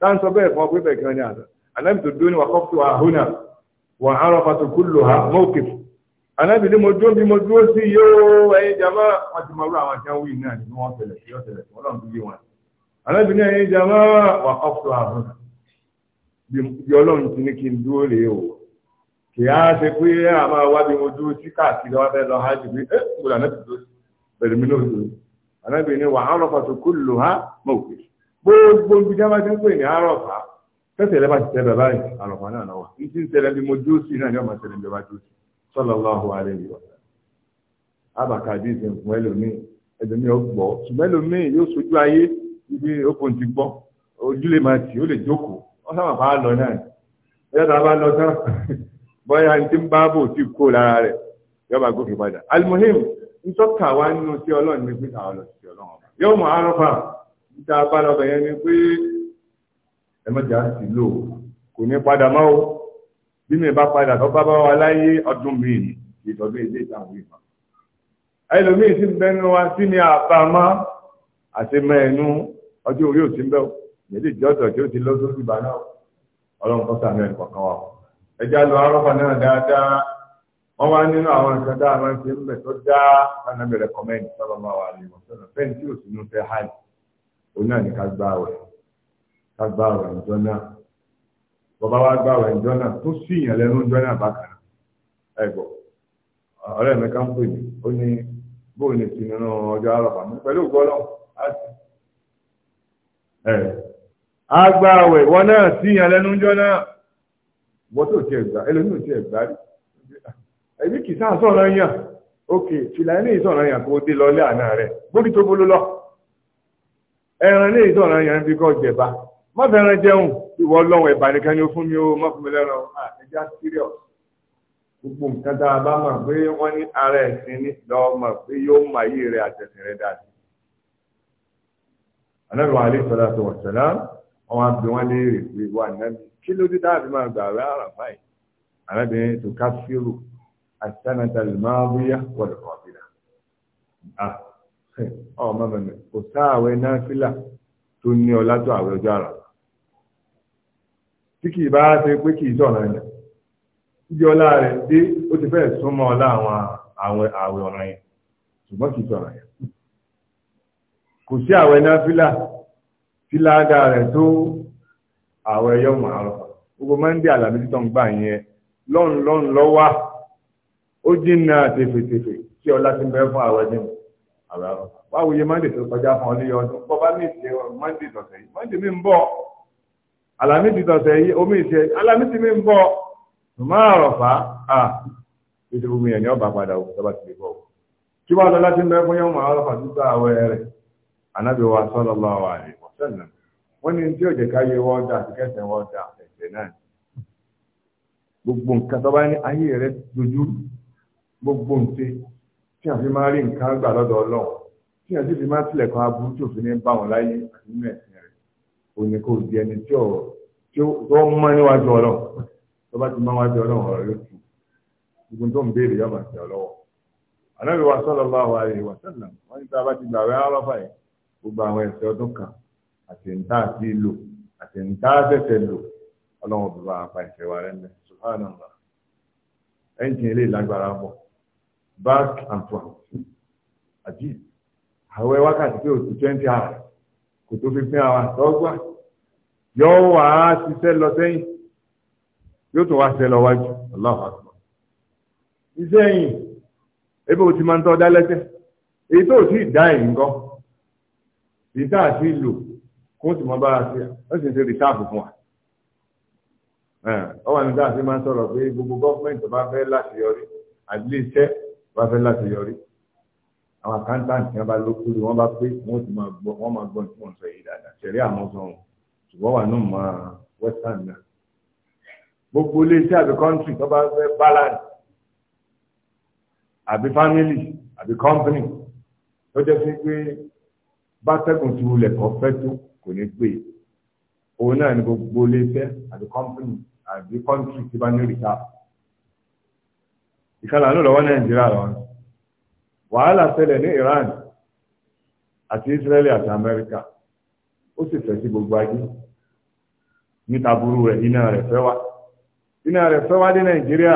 táwọn sọ bẹ́ẹ̀ fún ọ pé gbẹ̀gàn ni àná anábì tó dúró ní wà kọ́pù àhónà wà arafatu kulluha mawqif anábì ní mo dúró bí mo dúró sí yóò ẹ̀yin jama wọn ti mọ irú àwọn àti àwọn yìí náà ni wọn tẹ́lẹ̀ sí ọtẹlẹ wọn náà yé wọn anábì ní ẹ̀yin jama kì á ṣe pé a máa wá bí mo dúró sí káàkiri wá fẹ́ lọ hajj pé ẹ kò lànà tó dúró bẹ̀rẹ̀ mi náà dúró ànábì ni wà Àràfà tó kú lò ha mọ̀ òkè gbogbo ibi jábá ti ń pè ní Àràfà tẹ́sẹ̀ lẹ́bà ti tẹ́lẹ̀ báyìí Àràfà náà náà wà ní ti ń tẹ́lẹ̀ bí mo dúró sí náà ni ọmọ tẹ́lẹ̀ bí ọba dúró sí sallallahu alaihi wa sallam abàkàdé ìsìnkú ẹlòmíì ẹlòmíì ọgbọ ṣùgbọ́n bóyá tí ń bá bò tí kó lára rẹ̀ yọba gòkè padà almuhim ntọ́ka wa nínú tí ọlọ́run ní pé àwọn lọ sí ọlọ́run ọba yóò mọ arọ́fà níta abálọ́bẹ̀ yẹn ni pé ẹ̀mọ́jà sì lò kò ní padà mọ́ o bí mi bá padà tó bá bá wa láyé ọdún mi ní ìtọ́jú ilé ìtàwọn ìmọ̀ ẹlòmíì sì ń bẹnu wa sí ni àbámọ́ àti mẹ́ẹ̀nu ọjọ́ orí òsínbẹ́ o ìyẹn lè jọ́sọ̀ tí ó ti lọ́sọ́sì bá náà ọlọ́run kọ́sà mẹ́rin kọ̀ọ̀kan wa o. ẹja lọ arọ́fà náà dáadáa wọ́n wá nínú àwọn nǹkan tá máa ń fi ń bẹ̀ tó dá anábì rẹ̀kọ́mẹ́ndì sọ́dọ̀ máa wà lè wọ̀sọ̀rọ̀ fẹ́ni tí na fẹ́ hajj òun náà ní ká gbá àwẹ̀ ká gbá àwẹ̀ ìjọ náà bàbá wa gbá àwẹ̀ náà tó sí ìyàn lẹ́nu náà bákan ọ̀rẹ́ mi pè mí ó wọ́n tó tiẹ̀ gbà ẹlòmíràn tiẹ̀ gbà rí ẹbí kì í sáà sọ̀rọ̀ yàn òkè fìlà ilé ìsọ̀rọ̀ yàn kó dé lọ ilé àná rẹ̀ gbórí tó bolo lọ ẹran ilé ìsọ̀rọ̀ yàn bí kò jẹba má fẹ́ràn jẹun ìwọ ọlọ́run ẹ̀bà nìkan ni ó fún mi ó má fún mi lẹ́ran ẹja serious gbogbo nǹkan tá a bá mọ̀ pé wọ́n ní ara ẹ̀sìn ní lọ́ọ́ mọ̀ pé yóò mọ ayé rẹ̀ àtẹ̀sìn rẹ̀ dáadáa. anábìwọ̀n alẹ́ sọ́dá tó wọ̀ sẹ́lá wọ́n á bí wọ́n léèrè pé wà nábì kí ló dé dáàbí máa gbà rẹ àràfà yìí arábìnrin tó ká fírò àtànàtà lè máa wíyá wọ̀dọ̀ ọ̀bìnà ọmọ mẹ́mẹ́ kò sáàwẹ̀ náà fílà tó ní ọlá tó àwẹ̀ ọjọ́ àràfà tí kì í bá ṣe pé kì í sọ̀rọ̀ ẹ̀yà ìjọ ọlá rẹ̀ dé ó ti fẹ́ẹ̀ súnmọ́ ọlá àwọn àwẹ̀ àwẹ̀ ọ̀ràn yẹn ṣùgbọ́n kì í sọ̀rọ̀ ẹ̀yà kò sí àwẹ̀ náà fílà tí láàdá rẹ̀ tó àwọ̀ ẹ̀yọ́ mọ̀ àrọ̀fà gbogbo mọ́ndé àlàmísí tó ń gbà yẹn lọ́n lọ́n lọ́wà ó jìnnà tèfètèfè kí ọlá ti bẹ́ fún àwọ̀ ẹ̀dínwó àwọ̀ àrọ̀fà báwo yẹ mọ́ndé tó kọjá fún ọ níyọ ọdún bọ́ bá mi ìṣe mọ́ndé tọ̀sẹ̀ yìí mọ́ndé mi ń bọ̀ àlàmísí tọ̀sẹ̀ yìí omi ìṣe àlàmísí mi ń bọ̀ mọ́ àrọ̀fà à ètò gbogbo yẹn ni ọba padà ó tọ́ba ti lè bọ̀ kí wàá lọ láti bẹ́ fún yọmọ àrọ̀fà títà àwọ̀ rẹ̀ anábìwá sọ́lọ́lá wà ní wasallam wọ́n ní tí òjè káyé wọ́n dà àti kẹsẹ̀ wọ́n dà ẹ̀sẹ̀ náà gbogbo nǹkan tó bá ní ayé rẹ dojú gbogbo nǹkan tí a fi máa rí nǹkan gbà lọ́dọ̀ ọlọ́run tí a sì fi máa tilẹ̀kùn aburú tí òfin ní bá wọn láyé àti nínú ẹ̀sìn rẹ̀ òní kò di ẹni tí ọ̀ tó mọ́ níwájú ọlọ́run tó bá ti mọ́ níwájú ọlọ́run ọ̀rọ̀ yóò tù gbogbo tó ń béèrè yọ̀mọ̀ sí ọlọ́wọ́ anábìwá sallallahu alaihi wa sallam wọ́n ní tá a bá ti gbàwé arọ́fà yìí gbogbo àwọn ẹ̀ṣẹ̀ ọdún kan àtẹ̀ǹtà àti ìlò àtẹ̀ǹtà àtẹ̀tẹ̀ lò ọlọ́run òbí wa apá ìfẹ́ wa rẹ̀ mẹ́ subhanallah ẹ̀ǹtì ilé ìlágbára bọ̀ back and front àti àwẹ̀ wákàtí pé òtún twenty hours kò tó fifteen hours tọ́gbà yọ wá ṣiṣẹ́ lọ sẹ́yìn yóò tún wá ṣiṣẹ́ lọ wájú ọlọ́run àti iṣẹ́ yìí ebe o ti máa ń tọ́ dá lẹ́sẹ̀ èyí tó o sì dá ẹ̀ ń gọ́ èyí tá wọ́n sì mọ bá a ṣe wọ́n sì ń ṣe rìsáàfù fún wa. ọwọ́ àti dáàsì máa ń sọ̀rọ̀ pé gbogbo gọ́ọ̀mẹ̀ntì bá fẹ́ láti yọrí àdílé iṣẹ́ bá fẹ́ láti yọrí. àwọn àkáńtàǹtì wọn bá lókùrú wọn bá pé wọ́n sì máa gbọ́ wọ́n máa gbọ́ tí wọ́n sọ yìí dáadáa ṣẹ̀rí àmọ́ wọn ṣùgbọ́n wà nù mọ́ western náà. gbogbo ilé iṣẹ́ àbí country tó bá fẹ́ balance àbí family àbí company tó jẹ́ sí pé bátẹ́gùn ti wulẹ̀ kọ́ fẹ́ tó kò ní pè òun náà ni gbogbo iléeṣẹ́ àti kọ́mpìnì àbí kọ́ńtì tí bá ní rìsá ìkànnì àánú lọ́wọ́ nàìjíríà lọ́wọ́ wàhálà ṣẹlẹ̀ ní Iran àti Israeli àti Amẹ́ríkà ó sì fẹ́ sí gbogbo ayé níta burú rẹ̀ iná rẹ̀ fẹ́ wá iná rẹ̀ fẹ́ wá dé nàìjíríà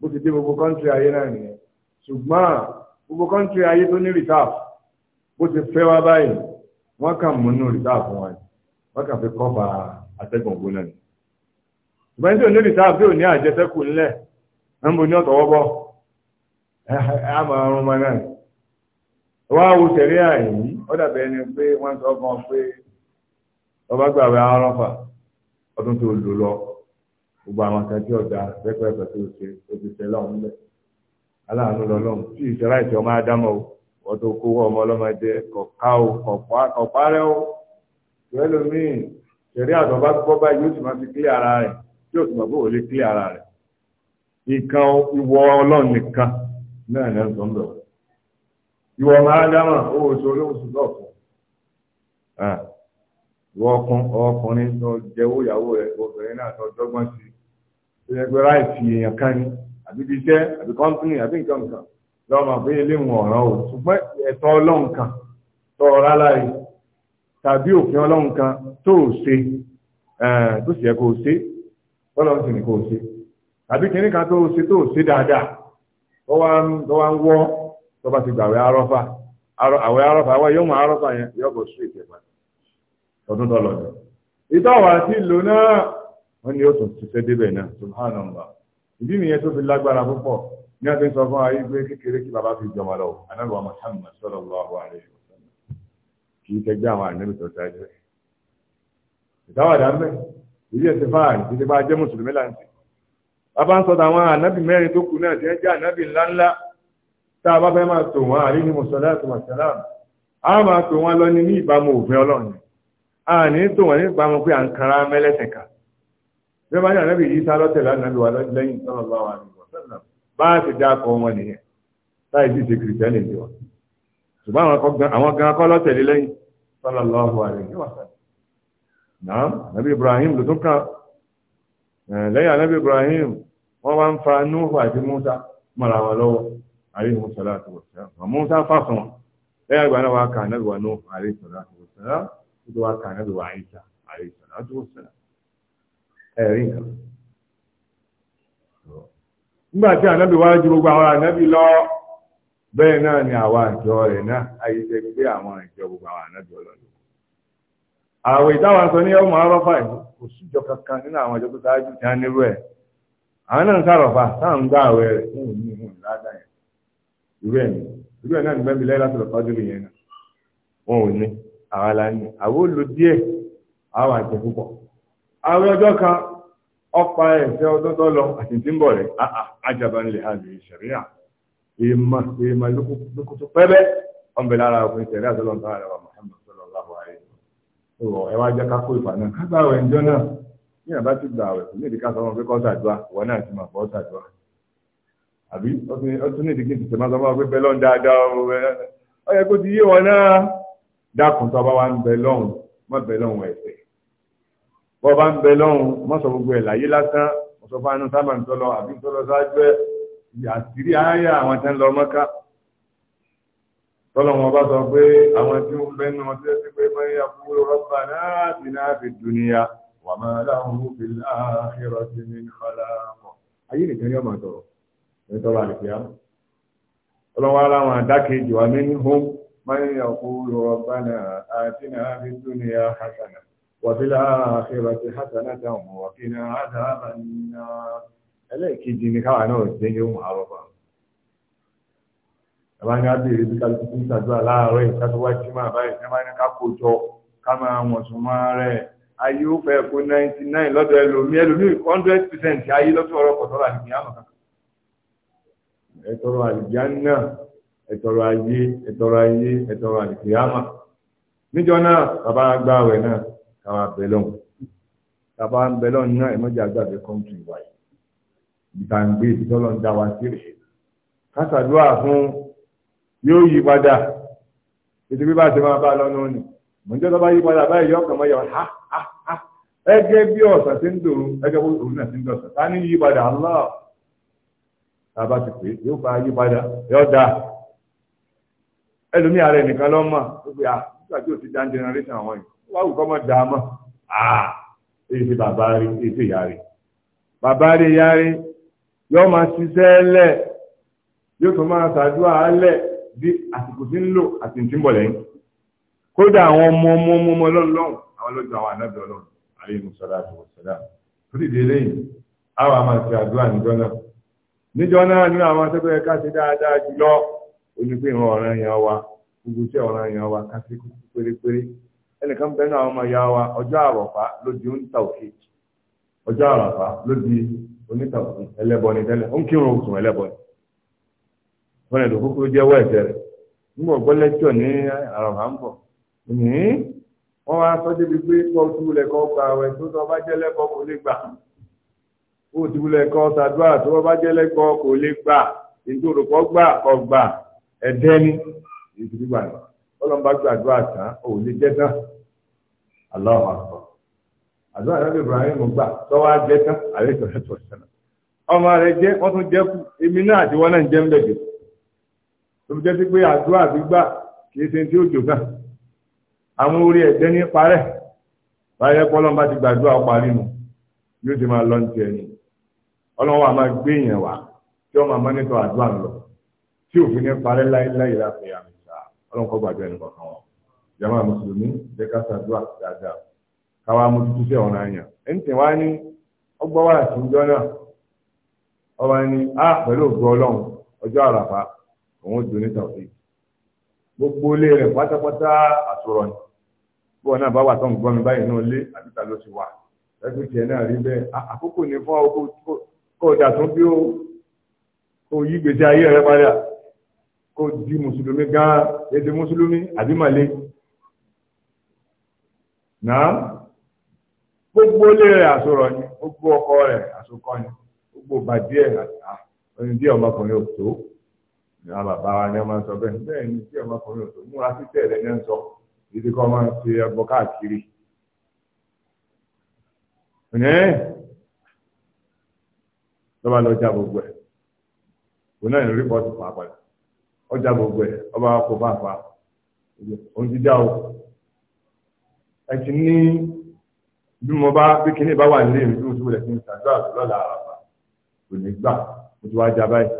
bó ti dé gbogbo kọ́ńtì ayé náà nìyẹn ṣùgbọ́n gbogbo kọ́ńtì ayé tó ní rìsáàfù bó ti fẹ́ wá báyìí wọ́n kà múnú rìsáà fún wa ni wọ́n kà fi kọ́fà atẹ́gùn gbóná ni ṣùgbọ́n tí ò ní rìsáà bí ò ní àjẹsẹ́kù ńlẹ̀ ń bo ní ọ̀tọ̀wọ́ bọ́ àmọ́ ọrùn mọ́ náà wọ́n á tẹ̀lé àyè ó dàbẹ̀ ẹni pé wọ́n sọ fún ọ pé ọba gbàgbé arọ́fà ọdún tó lò lọ gbogbo àwọn akẹ́kẹ́ ọ̀dà pẹ́pẹ́pẹ́ tó ti tẹ̀lé ọ̀hún lẹ̀ aláàánú lọ́lọ́run tí ìṣẹ́láìsì ọmọ wọ́n tó kó wọn ọmọ ọlọ́mọdé kọ̀ọ̀ká o kọ̀ọ̀párẹ́ o pẹ̀lú míì ṣẹ̀rí àtọ̀bá gbọ́ báyìí yóò sì máa fi kílẹ̀ ara rẹ̀ tí yóò sì máa bó wọlé kílẹ̀ ara rẹ̀ ìkan ìwọ ọlọ́run nìkan náà ní ọ̀sán ń bẹ̀ wọ́n ìwọ ọmọ ádámà ó wò sórí oṣù lọ́ọ̀fọ́ ìwọ ọkùnrin tó jẹ́wọ́ ìyàwó rẹ̀ obìnrin náà tó dọ́gbọ́n sí i tó yẹ pé ráìsì èèyàn kan ni àbí ibi iṣẹ́ àbí kọ́ńtínì àbí nǹkan nǹkan lọ́mọ pé ilé wọn ọ̀ràn o ṣùgbọ́n ẹ̀tọ́ ọlọ́run kan tọ́ ọ̀rá láre tàbí òfin ọlọ́run kan tó ò ṣe tó sì yẹ kó o ṣe ọlọ́run sì ní kó o ṣe tàbí kìnní kan tó o ṣe tó o ṣe dáadáa tó wá ń wọ́ tó bá ti gbàwé arọ́fà àwẹ̀ arọ́fà àwẹ̀ yóò mọ arọ́fà yẹn yóò bọ̀ sí ìtẹ̀gbà ọdún tó lọ jọ ìtọ́wà sí ìlú náà wọ́n ní ó tún ti fẹ́ débẹ̀ náà ní àti sọ fún ayé pé kékeré kí bàbá fi jọmọ lọ anábì wa Muhammad sallallahu alaihi wasallam kì í tẹjá àwọn ànábì tó ṣáájú ẹ ìtawàdà ń bẹ ìdí ẹsẹ fáàrí títí bá jẹ mùsùlùmí láǹtì bàbá ń sọdọ àwọn ànábì mẹ́rin tó kù náà tí ẹ jẹ ànábì ńláńlá tá a bá fẹ́ máa tò wọn àrí ní mùsọ̀láàtù màsàlám a máa tò wọn lọ ní ní ìbámu òfin ọlọ́run a ní tò bá a ti dákọ wọn nìyẹn láì sí ṣe kìrìtẹ́nì tiwọn ṣùgbọ́n àwọn gan lọ́tẹ̀lé lẹ́yìn sallallahu alaihi wa sallam náà nàbí Ibrahim ló tún kàn lẹ́yìn ànábì Ibrahim wọ́n wá ń fa Nuhu àti Musa mọ́ra wọn lọ́wọ́ Musa fàfún wọn lẹ́yìn àgbà náà wá kà nígbà tí ànábì wá ju gbogbo àwọn ànábì lọ bẹ́ẹ̀ náà ni àwa àjọ rẹ̀ náà ayi pé àwọn àjọ gbogbo àwọn ànábì ọlọ́dún. àwẹ̀ táwọn sọ ní ọmọ arọ́fà yìí kò síjọ kankan nínú àwọn àjọ tó dájú ti á nírú àwọn náà ń sàrọ̀fà ń gbá àwẹ̀ rẹ̀ fún òun ní ìhùn ládàá yẹn ẹ̀ náà bẹ́ẹ̀ láti lọ náà wọn ò ọpa ẹ̀fẹ́ ọdún tó lọ àti tí ń bọ̀ rẹ̀ ajaba ń lè hàbí ṣẹ̀ríà èèmọ̀ èèmọ̀ lókùtù pẹ́bẹ́ ọmọbẹ̀ lára òfin ṣẹ̀ríà tó lọ́nà àrẹwà Muhammad sallallahu alaihi wasallam ẹwà jẹ́ kákó ìfà náà kágbà àwẹ̀ ìjọ náà ní àbá ti gbà àwẹ̀ ní ìdíkà sọ́wọ́n pé kọ́sàdúà wọ́n náà ti mà bọ́ sàdúà àbí ọtún ní ìdíkì tìtẹ̀ bọ́ bá ń bẹ lọ́hùn mọ́sọ gbogbo ẹ̀ láyé lásán mọ́sọ bá ń sábà ń tọ́lọ àbí ń tọ́lọ sáájú ẹ̀ àtìrí ayé àwọn tẹ́ ń lọ mọ́ká tọ́lọ̀ wọn bá sọ pé àwọn tí ó bẹ́ nù ọdún ẹ̀sìn pé mọ́ ìyá fún rọ́bà náà ti náà fi dúníyà wà máa láwọn òbí láàárọ̀ sí ní kọ́lá mọ́. ayé nìkan yóò máa tọrọ ní tọrọ àlùfíà ọlọ́wọ́ aláwọn àdákejì wà mí ní hóm mọ́ ìyá fún rọ́bà náà àti náà fi dúníyà hasana. وفي الآخرة حسنة وقنا عذاب النار ẹlẹ́ẹ̀kejì ni káwa náà jẹ́ yóò máa rọ́bà bàbá ní abèrè bí kálukú tí ń ṣàdúrà láàárọ̀ yìí kátó wá jí máa báyìí máa ní ká kó jọ ká máa wọ̀n sùn máa rẹ̀ ayé ó fẹ́ kó ninety nine lọ́dọ̀ ẹlòmí ẹlòmí hundred percent ayé lọ́tọ̀ ọ̀rọ̀ kọ̀ tọ́lá àlùbíyá nù mà níjọ náà bàbá agbáwẹ̀ náà káwa bẹ̀lọ́n tàbá ń bẹ̀lọ́n náà ẹ̀mọ́jà gbàgbé kọ́ńtù ìwà yìí ìtàǹgbé ìtọ́lọ́ ń wa padà ètò bí bá ti máa bá lọ́nà òní mọ̀ níjọ́ tó bá ha ha ha ẹgẹ́ bí ọ̀sán ti ń ni yi padà Allah tá ti pè padà da ah, àwọn yìí wáwù kọ́ mọ̀ dàámọ̀ àà èyí ti bàbá rí èyí ti yáre bàbá rí yáre yóò máa ṣiṣẹ́ lẹ̀ yóò tún máa ṣàdúrà lẹ̀ bí àsìkò tí ń lò àti tí ń bọ̀ lẹ́yìn kódà àwọn ọmọ ọmọ ọmọ ọmọ ọlọ́run àwọn lọ́jọ́ àwọn ànábì ọlọ́run àlẹ́ ìmùsọ̀lá àti ìmùsọ̀lá fún ìdí eléyìí àwọn àmà ṣe àdúrà níjọ́ náà níjọ́ náà nínú àwọn akẹ́kọ̀ọ́ ẹ̀ka ṣe dáadáa jùlọ onígbé ìran ọ̀ràn yẹn wa gbogbo tí ọ̀ràn yẹn wa ká sí pérépéré ẹnìkan bẹ́ẹ̀ náà ọmọ ìyá wa ọjọ́ àrọ̀fá ló di oníta ọjọ́ ni tẹ́lẹ̀ ó ń kírun oṣù ni wọn ẹ̀dùn kúkúrú jẹ́wọ́ ẹ̀jẹ̀ rẹ̀ nígbà ní àrọ̀fá ń bọ̀ ní wọ́n wá sọ débi pé kọ́ Allahu Akbar àdúrà rẹ Ibrahim gbà tọwọ ajẹ tán àrẹ ìtọ́jú tó ṣẹlẹ̀ ọmọ rẹ jẹ wọn tún jẹ kú èmi náà àti wọn náà ń jẹ ń bẹ̀jẹ̀ tó fi jẹ́ sí pé àdúrà gbígbà kìí ṣe tí ó jò kàn àwọn orí ẹ̀jẹ̀ ní parẹ́ báyẹ̀ pọ́lọ́n bá ti gbàdúrà parí nù yóò ti máa lọ ní tiẹ̀ ni ọlọ́wọ́ àmà gbé yẹn wá tí ọmọ àmọ́ nítorí àdúrà ń lọ tí òfin ní parẹ́ láéláé ìlàkùnrin àmì ìta ọlọ́nkọ́ gbàdúrà ẹnì kọ̀ọ̀kan wọn jama mùsùlùmí jẹ́ ká ṣàdúrà dáadáa káwa mú tuntun sí ọ̀ràn àyàn ẹ̀ ń tẹ̀ wá ní ọgbọ́n wà sí ìjọ náà ọba ní a pẹ̀lú ògbó ọlọ́run ọjọ́ àràfà òun dùn ní tàwé gbogbo ilé rẹ̀ pátápátá àtúrọ̀ ni bí wọn náà bá wà tán gbọ́n mi báyìí náà lé àbíta ló ti wà ẹgbẹ́ tiẹ̀ náà rí bẹ́ẹ̀ àkókò ní fún àwọn kó o dàtún bí o kó o yí gbèsè ayé rẹ padà kó o di mùsùlùmí gan-an ètò àbí màlẹ́ na gbogbo ilé rẹ̀ àsọ̀rọ̀ ni gbogbo ọkọ rẹ̀ àsọkọ ni gbogbo bàdí ẹ̀ na bí ọmọkùnrin ò tó ìyá bàbá wa ni wọ́n máa ń sọ bẹ́ẹ̀ bẹ́ẹ̀ ni bí ọmọkùnrin ò tó múra sí tẹ̀lé ní ń sọ ìdí kan máa ń ẹbọ káàkiri. ẹ̀kì ní bí mo bá bí kíní bá wà nílé mi bí mo ti wọlé kí n ṣàdúrà lọ́la àràpà kò ní gbà mo ti wá já báyìí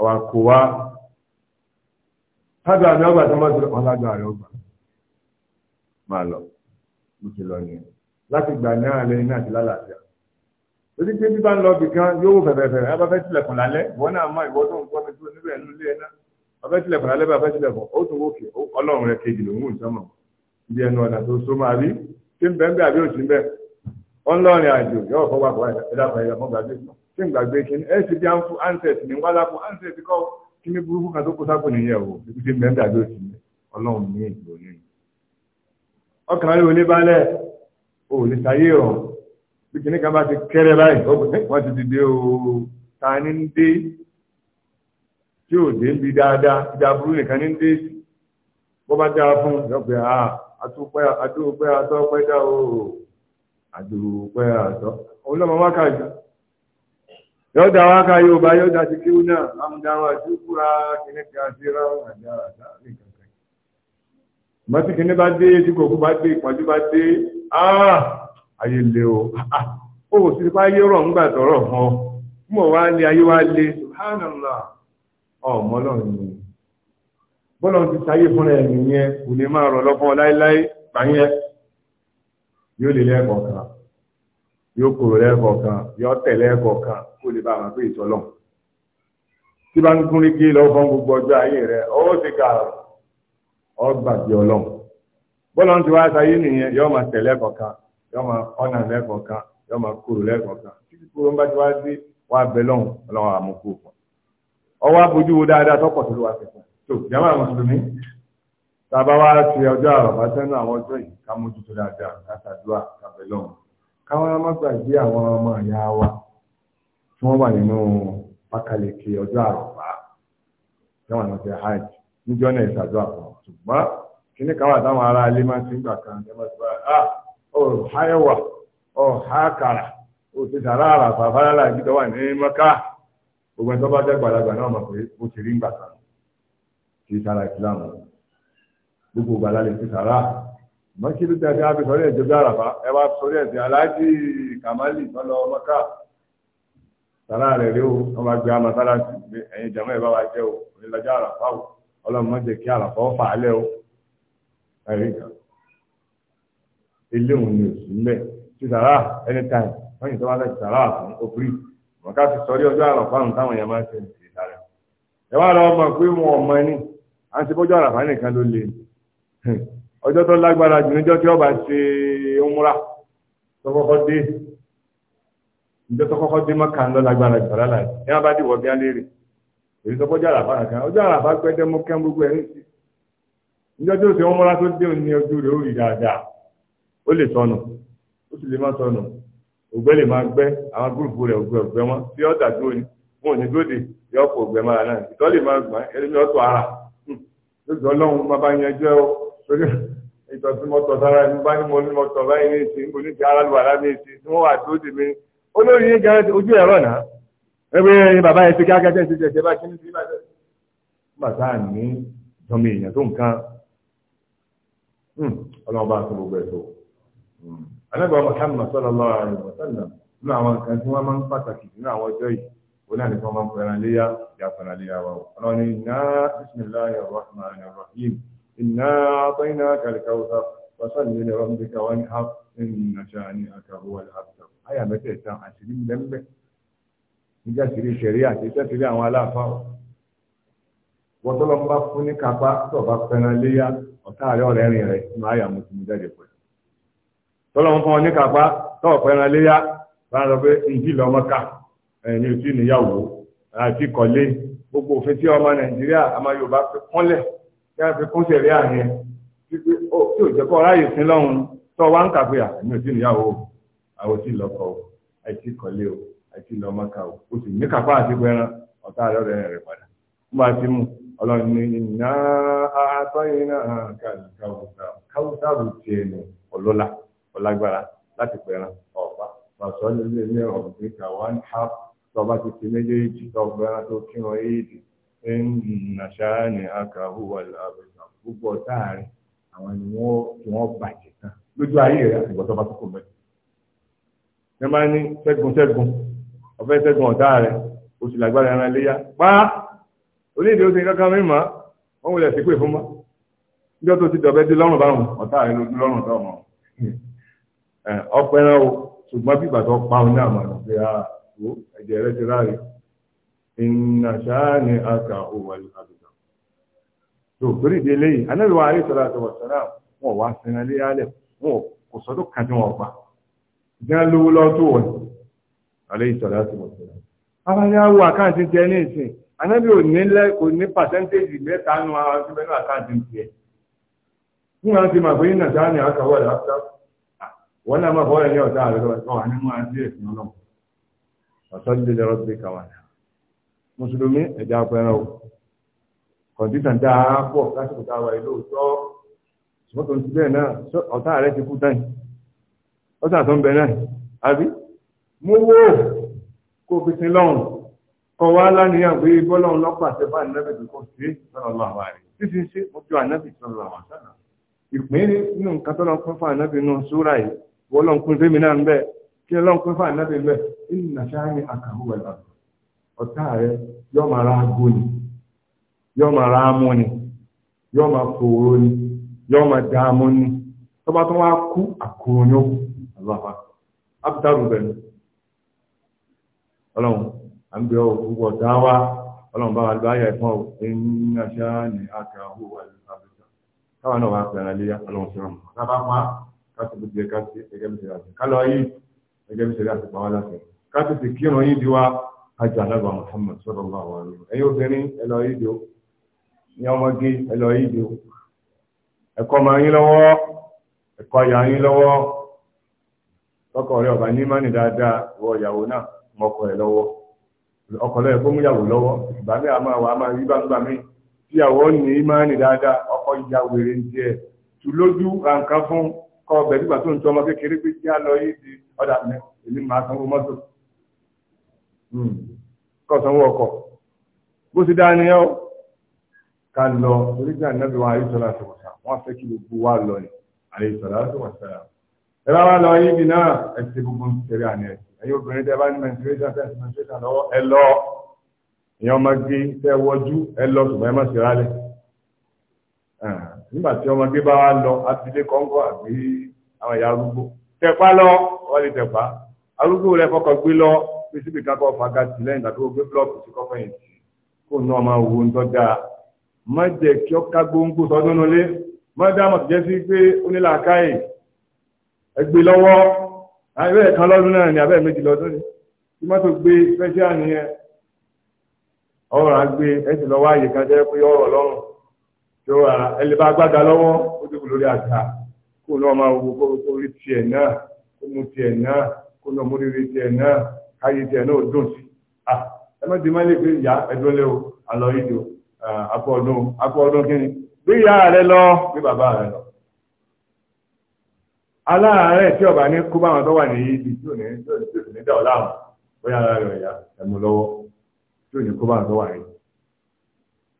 ọ̀wà kò wá tábí àmì ọgbà tó máa ń sọ̀rọ̀ ọ̀làgbà rẹ̀ ọgbà máa lọ mo ti lọ nìyẹn láti gbà náà lẹ́yìn náà ti lálàáfíà lórí pé bí bá ń lọ bìkan yóò wò fẹ̀fẹ̀fẹ̀ bá fẹ́ tilẹ̀kùn lálẹ́ ìwọ́n náà mọ ìwọ́n tó ń gbọ́ mi tó níbẹ̀ nílé ẹ̀ náà bá tilẹ̀kùn lálẹ́ bá fẹ́ tilẹ̀kùn ó tún wókè ọlọ́run rẹ̀ kejì lòún wò sọ́mọ̀ bí ẹnu ọ̀nà tó so máa rí tí ń bẹ́ẹ̀ àbí òsì ń bẹ́ẹ̀ wọ́n lọ́rin àjò yóò fọ́ wà fún ẹ̀dá fún ẹ̀dá fún gbàgbé tí ń gbàgbé kí ni ẹ̀ ti bí àǹfù ansẹ̀t ní wàhálà fún ansẹ̀t kọ́ kí ni burúkú kan tó kó sápò nìyẹn o ibi tí ń bẹ́ẹ̀ àbí òsì ń bẹ́ẹ̀ ọlọ́run ní ìgbò ní. ọkàn rí oníbálẹ̀ ò lè sáyé ọ̀ bí kìnnì kan bá ti kẹ́rẹ́ báyìí wọ́n ti dìde o ta ni ń dé tí ò dé ń bi A àtúpẹ́ àtọ́ pẹ́dá o àdúpẹ́ àtọ́ òun náà máa wákà jù yóò dá wákà yóò bá yóò dá ti kíú náà amúdáwà tí kúra kìíní kí a ti rá àjà àjà ní kankan mọ́tí kìíní bá dé tí kòkú bá dé bá dé ayé o ó rọ̀ tọ̀rọ̀ mọ̀ wá lé bọ́lọ̀ ti sáyé fún ẹ̀ nìyẹn kò ní máa rọ̀ lọ́fún láíláí báyẹn yóò lè lẹ́ẹ̀kọ̀ọ̀kan yóò kúrò lẹ́ẹ̀kọ̀ọ̀kan yóò tẹ̀ lẹ́ẹ̀kọ̀ọ̀kan kó lè bá àwọn pé ìtọ́lọ̀ tí bá ń kún rí kí lọ fún gbogbo ọjọ́ ayé rẹ ó ti ga ọgbà bí ọlọ́run bọ́lọ̀ ti wá sáyé nìyẹn yóò máa tẹ̀ lẹ́ẹ̀kọ̀ọ̀kan yóò máa ọ̀nà lẹ́ẹ̀kọ̀ọ̀kan yóò máa kúrò lẹ́ẹ̀kọ̀ọ̀kan títí tó jàmáà mùsùlùmí tàbá wá ti ọjọ́ àràbá sẹ́nu àwọn ọjọ́ yìí ká mójútó dáadáa kásàdúrà kàbẹ̀lọ́ káwọn amágbàgbé àwọn ọmọ ìyá wa tí wọ́n wà nínú pákàlẹ̀kì ọjọ́ àràbá jàmáà náà hajj níjọ́ náà ìṣàdúrà kan ṣùgbọ́n kíní ará ilé máa ti ń gbà kan ti ó ah, ti sàrà wà ní mọ́ká gbogbo tó bá jẹ́ gbàlagbà náà mọ̀ pé ó ti rí ń gbà kì í sára ìsìláàmù gbogbo gbàlá lè fi sàrà mọ́kìlú tẹ̀sí àfi sọ́rí ẹ̀jẹ̀ bí àràfà ẹ wá sọ́rí ẹ̀sìn aláàjì kàmálì tọ́lọ mọ́kà sàrà rẹ̀ rí o wọ́n máa gbé amásálásì ẹ̀yin jàmọ́ ẹ̀ bá wa jẹ́ o onílọ́jọ́ àràfà o ọlọ́mọ jẹ́ kí àràfà ó fà o ẹ̀rí kan ilé òun ni òsì ńlẹ̀ ti sàrà anytime wọ́n yìí tó wá lẹ́sì sàrà fún òfurì mọ̀ká ti sọ́rí ọjọ́ àràfà ń táwọn yẹn máa ń ṣe ìsàrẹ̀ ẹ wá lọ a ti kọjọ́ àràfà nìkan ló le ọjọ́ tó lágbára jù níjọ́ tí ọba ṣe umra tó kọ́kọ́ dé níjọ́ tó kọ́kọ́ dé mọ́kà ń lọ lágbára jù rárá ní wọn bá dìwọ́ bí á léèrè èyí tó kọjọ́ àràfà nìkan ọjọ́ àràfà gbẹ́dẹ́ mú kẹ́ gbogbo ẹ̀ ń sí níjọ́ tí ó ṣe umra tó dé òní ojú rẹ̀ ó rí dáadáa ó lè sọnù ó sì lè má sọnù ògbẹ́ lè máa gbẹ́ àwọn gúrùpù rẹ̀ ògbẹ́ ògbẹ́ wọn tí ọ̀dà dúró ni wọn ò ní dúró de yọ ọ̀pọ̀ ògbẹ́ mára náà ìtọ́ máa gbọ́n ẹni ọ̀tọ̀ ara lójú ọlọ́run bàbá yẹn jẹ́ o torí ìtọ̀ tí mo tọ̀ sára ẹni bá ní mo ní mo tọ̀ báyìí ní ìsìn mo ní ti ara lu àrá ní ìsìn tí wọ́n wà tó dì mí olórí yín gan ojú ẹ̀rọ náà ẹgbẹ́ bàbá yẹn ti ká kẹ́tẹ́ ti tẹ̀sẹ̀ bá kíní sí ìbàdàn. bàtà ní jọmọ èèyàn tó nǹkan hmm, ọlọ́run bá sọ gbogbo ẹ̀ tó. anábìyàn hmm, Muhammad sallallahu alaihi wasallam nínú àwọn nǹkan tí wọ́n máa ń pàtàkì nínú àwọn ọjọ́ yìí náà nìkan máa ń pẹ̀rẹ̀ léyà ìyá pẹ̀rẹ̀ léyà wa o ọ̀nà ni iná bisimilahi rahman rahim iná bẹ́ẹ̀nà kàlíkàwùsà wàsàn ní ilẹ̀ wọn bí káwọn ní hap ní nàṣà ní àkàwọ́ wà láàbùtà àyà mẹ́tẹ̀ẹ̀ta àṣírí mbẹ́mbẹ́ nígbà sírí ṣẹ̀rí àti iṣẹ́ sírí àwọn aláàfáà wọ́tọ́lọ́ ń bá fún ní kápá tó bá pẹ̀rẹ̀ léyà ọ̀tá rẹ̀ ọ̀rẹ́rin rẹ̀ ní àyà mo ti mú jáde pẹ̀lú tọ́lọ́ ń fún ọ ní kápá tó pẹ̀rẹ̀ léyà bá ń lọ pé ìjì ẹ̀yin tí níyàwó àti kọ́lé gbogbo òfin tí ọmọ nàìjíríà àmọ́ yorùbá fi kúnlẹ̀ tí wọ́n fi kún sẹ̀rí àyẹn tí jẹ́ kó sí lọ́hùn tó wá ń àwọn àti o àti o o sì ní kápá àti gbẹran ọ̀tá àlọ́rẹ̀ rẹ̀ padà ti mú ọlọ́run ní ti tọba ti fi méjèèjì tọgbà tó kírun éèdì nàṣàánì àkàhùwà làbẹ̀sà púpọ̀ táàrin àwọn ni wọ́n tí wọ́n bàjẹ́ tán lójú ayé rẹ̀ àtìgbọ́ tọba tó kù mẹ́. ṣé máa ní ṣẹ́gun ṣẹ́gun ọ̀fẹ́ ṣẹ́gun ọ̀tá rẹ̀ oṣù làgbára ẹran léyà pa onídìí ó ti kankan mímọ́ wọ́n wulẹ̀ sí pé fún mọ́ níjọ́ tó ti dọ̀bẹ́ dé lọ́rùn báwọn ọ̀tá rẹ̀ lójú lọ́rùn tọ̀ mọ́ ṣùgbọ́n bí ìgbà tó pa òun náà mọ̀ a ẹ̀jẹ̀ rẹ ti ráre aka òwò àbùdá tó torí ìdí eléyìí anábì wa àrí sọlá wọn wá sinmi lé alẹ wọn kò kan tí pa ìdíná lówó lọ́tọ̀ wọn àrí sọlá àtọwọ sọlá. abáyáwó àkáǹtì jẹ ní ìsìn anábì ò ní pàṣẹ́ntéèjì mẹ́ta nu àwọn akíbẹ́ náà àkáǹtì tiẹ̀ fún àwọn ti máa aka àbùdá wọn náà máa fọwọ́ ọ̀sọ́dún lè rọ́bì kàwàdà mùsùlùmí ẹ̀já pẹ̀rẹ̀ o kọ̀ǹtítà dáa pọ̀ lásìkò tá a wà ilé òótọ́ ṣùgbọ́n tó ń ti bẹ́ẹ̀ náà ọ̀tá rẹ̀ ti kú tán ọ̀tá tó ń bẹ náà àbí mú wó kó fi sin lọ́hùn kọ wá lánìyàn pé bọ́lọ́hùn lọ́pàṣẹ bá ànábì tó kọ̀ sí sọ̀rọ̀ lọ àwọn àrè títí ṣe mo jọ ànábì sọ̀rọ̀ àwọn àṣà ìpín nínú nǹkan tó lọ fún fún ànábì nù súrà yìí wọ́lọ́ kí ló ń pín fún ànábì lẹ ìlú nàṣàáyé àkàwé làbọ ọ̀tá rẹ yóò máa ra ago ni yóò máa ra amú ni yóò máa fòòró ni yóò máa dá amú ni tó bá tó wá kú àkóró ni ó kú àlọ́fà ábítárù bẹ̀rẹ̀ ọlọ́run à ń bẹ ọ púpọ̀ dá wa ọlọ́run bá wa lọ ayé ẹ̀fọn o ìlú nàṣàáyé àkàwé làbọ káwọn náà wà pẹ̀lú àléyà ọlọ́run sí wọn ká bá pa ká sì bó ti yẹ ká sí ẹgẹ́ bí ti rà sí ká lọ yìí gẹ́gẹ́ bí sẹ́lẹ̀ àtìpá wọn láti káàtì sì kírun yín di wa hajj alábà Muhammad sallallahu alaihi wasallam ẹ̀yin obìnrin ẹ lọ yín di o ní ọmọge ẹ lọ yín di o ẹ̀kọ́ ọmọ yín lọ́wọ́ ẹ̀kọ́ ìyá yín lọ́wọ́ tọkọ rẹ ọba ní mánì dáadáa wọ ìyàwó náà mọkọ rẹ lọ́wọ́ ọkọ lọ́yẹ kó mú ìyàwó lọ́wọ́ ìgbà mi àwọn àmọ́ rí gbàgbà mi tíyàwó ní mánì dáadáa ọkọ ìyàwó rẹ̀ ń jẹ tùlójú ra nǹkan fún kọ́ ọbẹ̀ nígbà tó ń tọ́ ọmọ kékeré pé kí á lọ yé di ọ̀dà mi èmi máa sanwó mọ́tò hmm. kọ́ sanwó ọkọ̀ bó ti dáa nìyẹn o ká lọ oríṣi ànábì wa ayé sọlá tó wọ̀sà wọ́n fẹ́ kí gbogbo wa lọ ni ayé sọlá tó wọ̀sà ẹ bá wa lọ yé bi náà ẹ ti gbogbo ń tẹ̀lé àná ẹ ẹ̀yin obìnrin tẹ́ bá ní menstruation tẹ́ menstruation lọ́wọ́ ẹ lọ ẹ̀yin ọmọge nígbà tí ọmọdé bá wá lọ abilé kọ́ńgọ́ àbí àwọn ìyá arúgbó tẹ̀pá lọ wọ́n lè tẹ̀pá arúgbó rẹ kọ́kọ́ gbé lọ pé síbi kakọ́ faga sí lẹ́yìn tàbí ó gbé blọọkù sí kọ́kọ́ yẹn sí kó ná ọmọ wo ń tọ́jà má jẹ́ kí ọ gbóngbó sọdún nulẹ̀ má dáàmú tó jẹ́ sí pé ó ní làákàyè ẹgbẹ́ lọ́wọ́ abẹ́ kan lọ́dún náà ni abẹ́ méjì lọ́dún ni tí mọ́tò gbé fẹ́ṣíà nìyẹn ọ̀rọ̀ àgbẹ̀ ẹ̀sìn lọ́wọ́ àyè kan jẹ́ pé ọ̀rọ̀ lọ́rùn tó wà ẹlẹ́bà agbága lọ́wọ́ ó dìbò lórí àga kó lọ́ọ́ máa wo kó rí tiẹ̀ náà kó mu tiẹ̀ náà kó lọ́ọ́ mú rírí tiẹ̀ náà káyé tiẹ̀ náà ó dùn sí i ẹ má di má lè fi ìyá ẹdún lé o àlọ́ ìdò akọ ọdún akọ ọdún kí ni bí ìyá rẹ lọ bí bàbá rẹ lọ aláàárẹ̀ tí ọba ní kó báwọn tó wà ní ibi tí ò ní tí ò ní dà ọ láàmú bóyá ara rẹ̀ yá ẹ̀mú lọ́wọ́ tí ò ní kó báwọn tó wà ní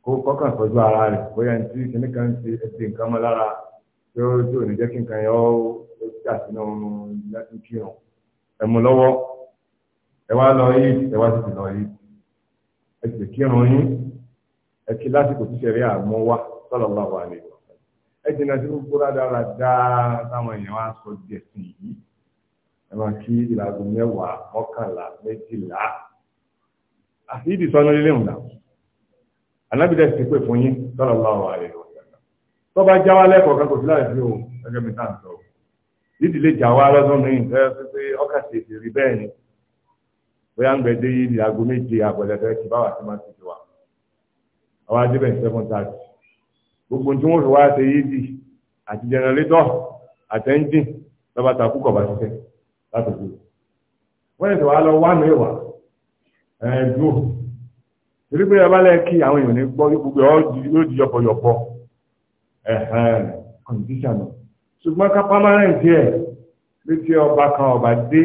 kó kọ́kàn tọ́jú ara rẹ̀ bóyá ní tí kìnnì kan ti ẹsẹ̀ nǹkan mọ́ lára tí ó tí ò ní jẹ́ kí nǹkan yẹn ó dà sínú oorun láti kí hàn ẹ mú lọ́wọ́ ẹ wá lọ yìí ẹ wá sì lọ yìí ẹ sì kírun yín ẹ kí lásìkò tí sẹ̀rí àmọ́ wá sọ́lọ́ bá wà lè wọ̀ ẹ jìnnà sí gbogbo dára dáa táwọn èèyàn wá sọ díẹ̀ sí yìí ẹ máa kí ìlàgùn mẹ́wàá mọ́kànlá méjìlá àti ìdìsọ́nà lílé ìwòlá alábìdá ti pè fún yín sallallahu alaihi wasallam tó bá jáwá lẹ́kọ̀ọ́ kan kò sí láì sí o gẹ́gẹ́ bí táà ń sọ ìdílé jáwá lọ́dún mi lẹ́yìn pé ọkà ti ètè rí bẹ́ẹ̀ ni bóyá ń gbẹ dé yìí ní aago méje àbọ̀lẹ̀fẹ́ ti bá wà sí máa ti ti wà àwọn adébẹ̀ seven thirty gbogbo tí wọ́n fi wá ṣe yìí di àti jẹnẹrétọ̀ àtẹ́ńjìn lọ́ba tàkú kọ̀ọ̀bá ṣiṣẹ́ látòkè wọ́n yẹ torí pé ọba lẹ́ẹ̀kí àwọn èèyàn ní gbọ́ gbogbo yóò di yọpọyọpọ ẹ̀hẹ́n kọ̀ǹdíṣànà ṣùgbọ́n ká pámánẹ́ǹtì ẹ̀ bí ti ọba kan ọba dé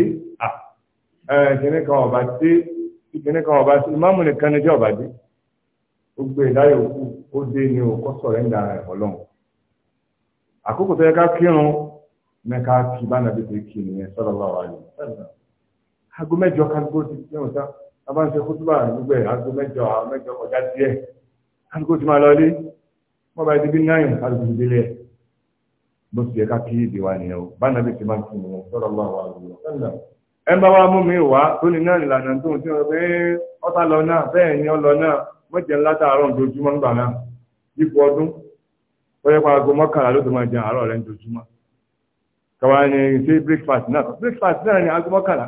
ìkíní kan ọba dé ìkíní kan ọba sí ìmáàmù nìkan ní jẹ́ ọba dé gbogbo ìdáyọ̀ kú ó dé ní òkọ́ sọ̀rẹ́ǹdà rẹ̀ ọlọ́run àkókò tó yẹ ká kírun ní ká kí bá nàbí ti kí nìyẹn sọ́dọ̀ bá wà ní. aago mẹ́jọ ká gbó ti kírun sáà a bá ń ṣe kútúbà gbogbo ẹ̀ aago mẹ́jọ mẹ́jọ kọjá díẹ̀ kálukú ti máa lọ ilé wọ́n bá ti bí náírà kálukú ti délé ẹ̀ bó ti yẹ ká kí ìdí wa nìyẹn o bá nàbí ti máa ń kí nìyẹn sọ̀rọ̀ lọ́wọ́ àwọn ẹ bá wa mú mi wá tó ní náà ìlànà tó ń tí pé ọta lọ náà bẹ́ẹ̀ ni ọ lọ náà mọ̀jẹ̀ ńlá tààrọ̀ ojoojúmọ́ ńgbà náà yípo ọdún wọ́n pa aago mọ́kànlá ló ti máa jẹun àárọ̀ rẹ̀ ojoojúmọ́ kàwá ni ṣé breakfast náà breakfast náà ni aago mọ́kànlá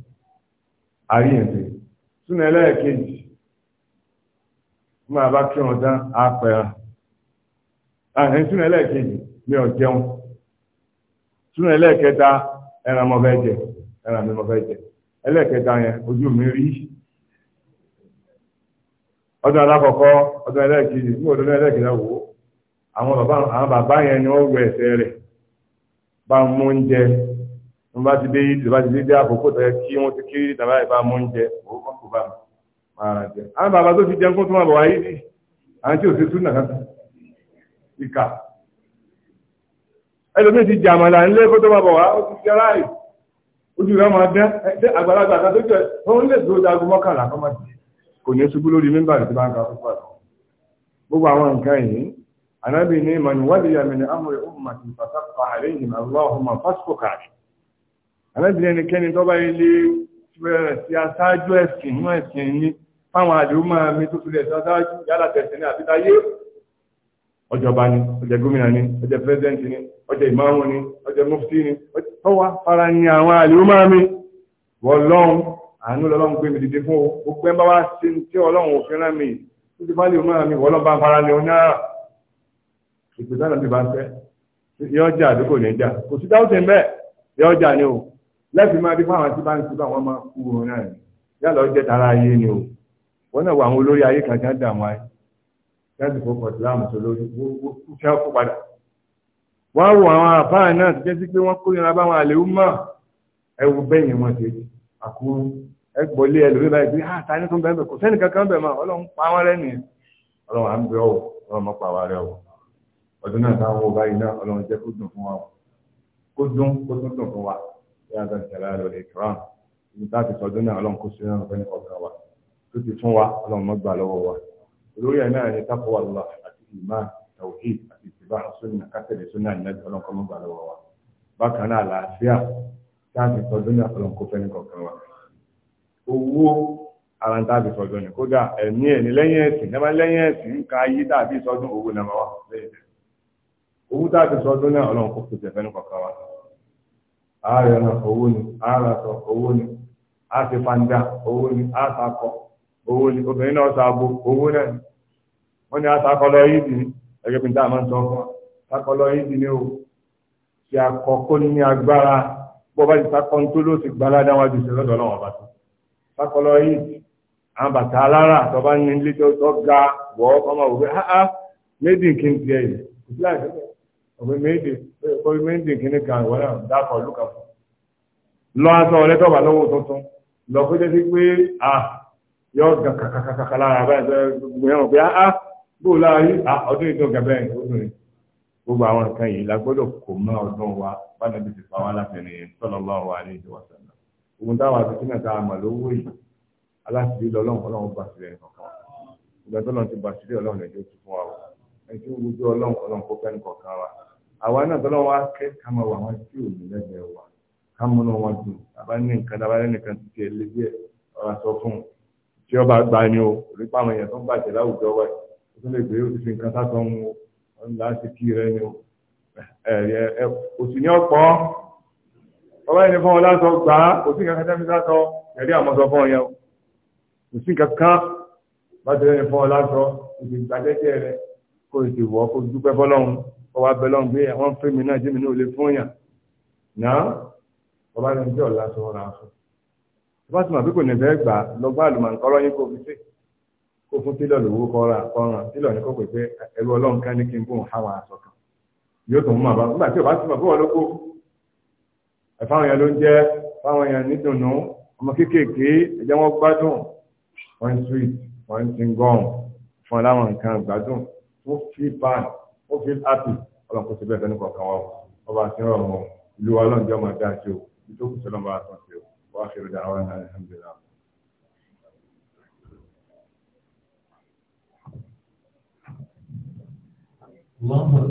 àríyànjẹ súnà ẹlẹ́ẹ̀kejì máa bá kí wọn dán apẹ̀ra àhìn súnà ẹlẹ́ẹ̀kejì mi ò jẹun súnà ẹlẹ́ẹ̀kẹta ẹran mo fẹ́ jẹ ẹran mi mo fẹ́ jẹ ẹlẹ́ẹ̀kẹta yẹn ojú mi rí ọdún alákọ̀ọ́kọ́ ọdún ẹlẹ́ẹ̀kejì ní ọdún ẹlẹ́ẹ̀kẹta wò ó àwọn bàbá yẹn ni wọ́n wọ ẹsẹ̀ rẹ̀ bá mú oúnjẹ wọ́n bá ti dé yìí bá ti dé dé àkókò tó yẹ kí wọ́n ti kí tàbá ìbá mú oúnjẹ òwò kan kò bá mi máa jẹ. àwọn bàbá tó fi jẹun kó tó máa bọ̀ wáyé dì àwọn tí ò sí súnà kan ìkà. ẹlòmíì ti jàmọ̀ là ń lé kó tó máa bọ̀ wá ó ti jẹ ráàyè ojú rẹ̀ máa dán ẹ àgbàlagbà kan tó jẹ òun lè dúró dagun mọ́kànlá kan máa jẹ kò ní ṣubú lórí mímbà tí bá ń ka fúnpá lọ. gbogbo àwọn nǹkan yìí anábì ní mọ̀nìwádìí yàmì ní amúre ó mọ̀ sí pàtàkì àlẹ́ ìhìn àlọ́ ọ̀hún àmẹ́bìnrin ẹnikẹ́ni tó bá ilé bẹ̀rẹ̀ sí aṣáájú ẹ̀sìn inú ẹ̀sìn ní fáwọn àdúgbò mi tó filẹ̀ sí aṣáájú yálà tẹ̀sìn ní àbítáyé ọjọba ni ọjẹ gómìnà ni ọjẹ pírẹsidẹ́ǹtì ni ọjẹ ìmáàmù ni ọjẹ mufti ni tọ́wà fara ni àwọn àdúgbò mi wọ́lọ́run àánú lọ́lọ́run gbé mi dìde fún o gbogbo ẹ̀ bá wá sí láti máa rí fáwọn tí bá ń síbà wọn máa kú wọn náà yálà ó tara ayé ni o wọn náà wà àwọn olórí ayé kan tí dààmú ayé láti fọkọ̀ síláàmù tó lórí wọ́n fẹ́ kó padà wọ́n wo àwọn àfáà náà ti jẹ́ sí pé wọ́n kó yẹn lábáwọn àlèwú mọ́ ẹwù bẹ́yìn wọn ti àkúrú ẹgbọ́lé ẹlòmí báyìí pé ah ta tó ń bẹ́ẹ̀ bẹ́ẹ̀ kò sẹ́ni kankan bẹ́ẹ̀ máa ọlọ́run pa wọ́n rẹ́ nìyẹn ọlọ́run à ń bẹ ọ̀wọ̀ ọlọ́run mọ́ pa wá rẹ́ ọ̀wọ̀ ọdún náà táwọn ọba yìí náà ọlọ́run jẹ́ kó dùn fún wa kó dùn kó tún dùn fún wa يا ذا الجلال والإكرام ìgbàtí sọdún náà ọlọ́run kó sí náà fẹ́ ọ̀gá wa tó ti fún wa ọlọ́run má gbà lọ́wọ́ wa olórí ẹ̀ náà ni tápọ̀ wàlúwà àti ìmá tàwíì àti ìtìbá sunna kásẹ̀lẹ̀ sunna ìnájú ọlọ́run kó má gbà lọ́wọ́ wa bákan náà làásìá táàbì sọdún náà ọlọ́run kó fẹ́ ní kọ̀ọ̀kan wa owó ara ń táàbì sọdún ni kódà ẹ̀mí ẹ̀ ní lẹ́yìn ẹ̀sìn a ọ̀nà owó ni a owó ni àti fanda owó ni àtakọ owó ni obìnrin náà sàbò owó náà ni wọ́n ní àtakọ lọ yìí dì ní ẹgbẹ́ pínta àmọ́ sọ fún wa àtakọ lọ yìí dì ní o ti àkọ́kọ́ ní agbára bó bá ti ń tó ló ti gbá wájú lọ́dọ̀ tó lọ yìí àwọn bàtà alára tó bá ní ilé tó ga wọ́ ọmọ òwe méjì kí n tiẹ̀ yìí omi méjì kìíní kan ìwọ náà dákọ̀ ìlú kan fún lọ aṣọ ọ̀lẹ́tọ̀bà lọ́wọ́ tuntun lọ kó jẹ́ sí pé à yọ gàn kàkàkàkà lára báyìí tó gbogbo yẹn wọ̀ pé á bó láàárín ọdún yìí tó ga bẹ́ẹ̀ ọdún yìí gbogbo àwọn nǹkan yìí la gbọ́dọ̀ kó mọ́ ọdún wa bájọ́ bí ti pa wá láfẹ́ni sallallahu alaihi wa sallam ogun táwa àti sínú ẹ̀ka àmọ̀ lówó yìí o ẹni tí ó wújú ọlọ́run ọlọ́run kó fẹ́ nǹkan àwa náà tọ́lọ́ wa kẹ́ ká máa wà wọn tí ò ní lẹ́gbẹ̀ẹ́ wa ká mú náà wọn dùn àbá ní nǹkan dábàá lẹ́nìkan ti tiẹ̀ lé díẹ̀ ọ̀rọ̀ sọ fún un tí ọba gba ni o rí pàmò èèyàn tó ń bàjẹ́ láwùjọ wa ó tún lè gbé ó ti fi nǹkan sá sọ́n o ó ń láti kí rẹ ni o òsì ní ọ̀pọ̀ ọba yìí ni fún ọ lásọ gbà á kò sí nǹkan kan tẹ́mi sásọ ẹ̀rí àmọ́sọ fún ọ yẹn o kò nǹkan kan bá ọwọ́ abẹ́lọ́ ń gbé àwọn fíìmù náà jẹ́mi náà lè fún yàn náà ọba ní ọjọ́ ọ̀la tó rà fún ọba tí màbí kò ní bẹ́ẹ̀ gbà lọ́gbà àlùmọ̀ǹkọ́rọ́ yín kò fi sí kó fún tílọ̀ lówó kọ́ra kọ́ran tílọ̀ ní kó pè pé ẹrú ọlọ́run ká ní kí n bóun háwọn aṣọ kan yóò tún mú àbá nígbà tí ọba tí màbí wọn ló ẹ̀fáwọn yẹn ló ń jẹ́ fáwọn yẹn nídùnnú ọmọ kéékèèké ẹ̀jẹ̀ wọn gbádùn wọn sweet wọn ń gọ́ọ̀n fún aláwọn nǹkan gbádùn wọn fi báyìí ó fi ápì ọlọ́run kò sí bẹ́ẹ̀ fẹ́ni kọ̀ọ̀kan wa ọba àti ìrọ̀ ọmọ ìlú wa lọ́n jẹ́ ọmọ ẹ̀dá àti o ìjókòó sọlọ́mọ àtọ̀ sí o wàá fi rẹ̀ dáhùn náà alhamdulillah. اللهم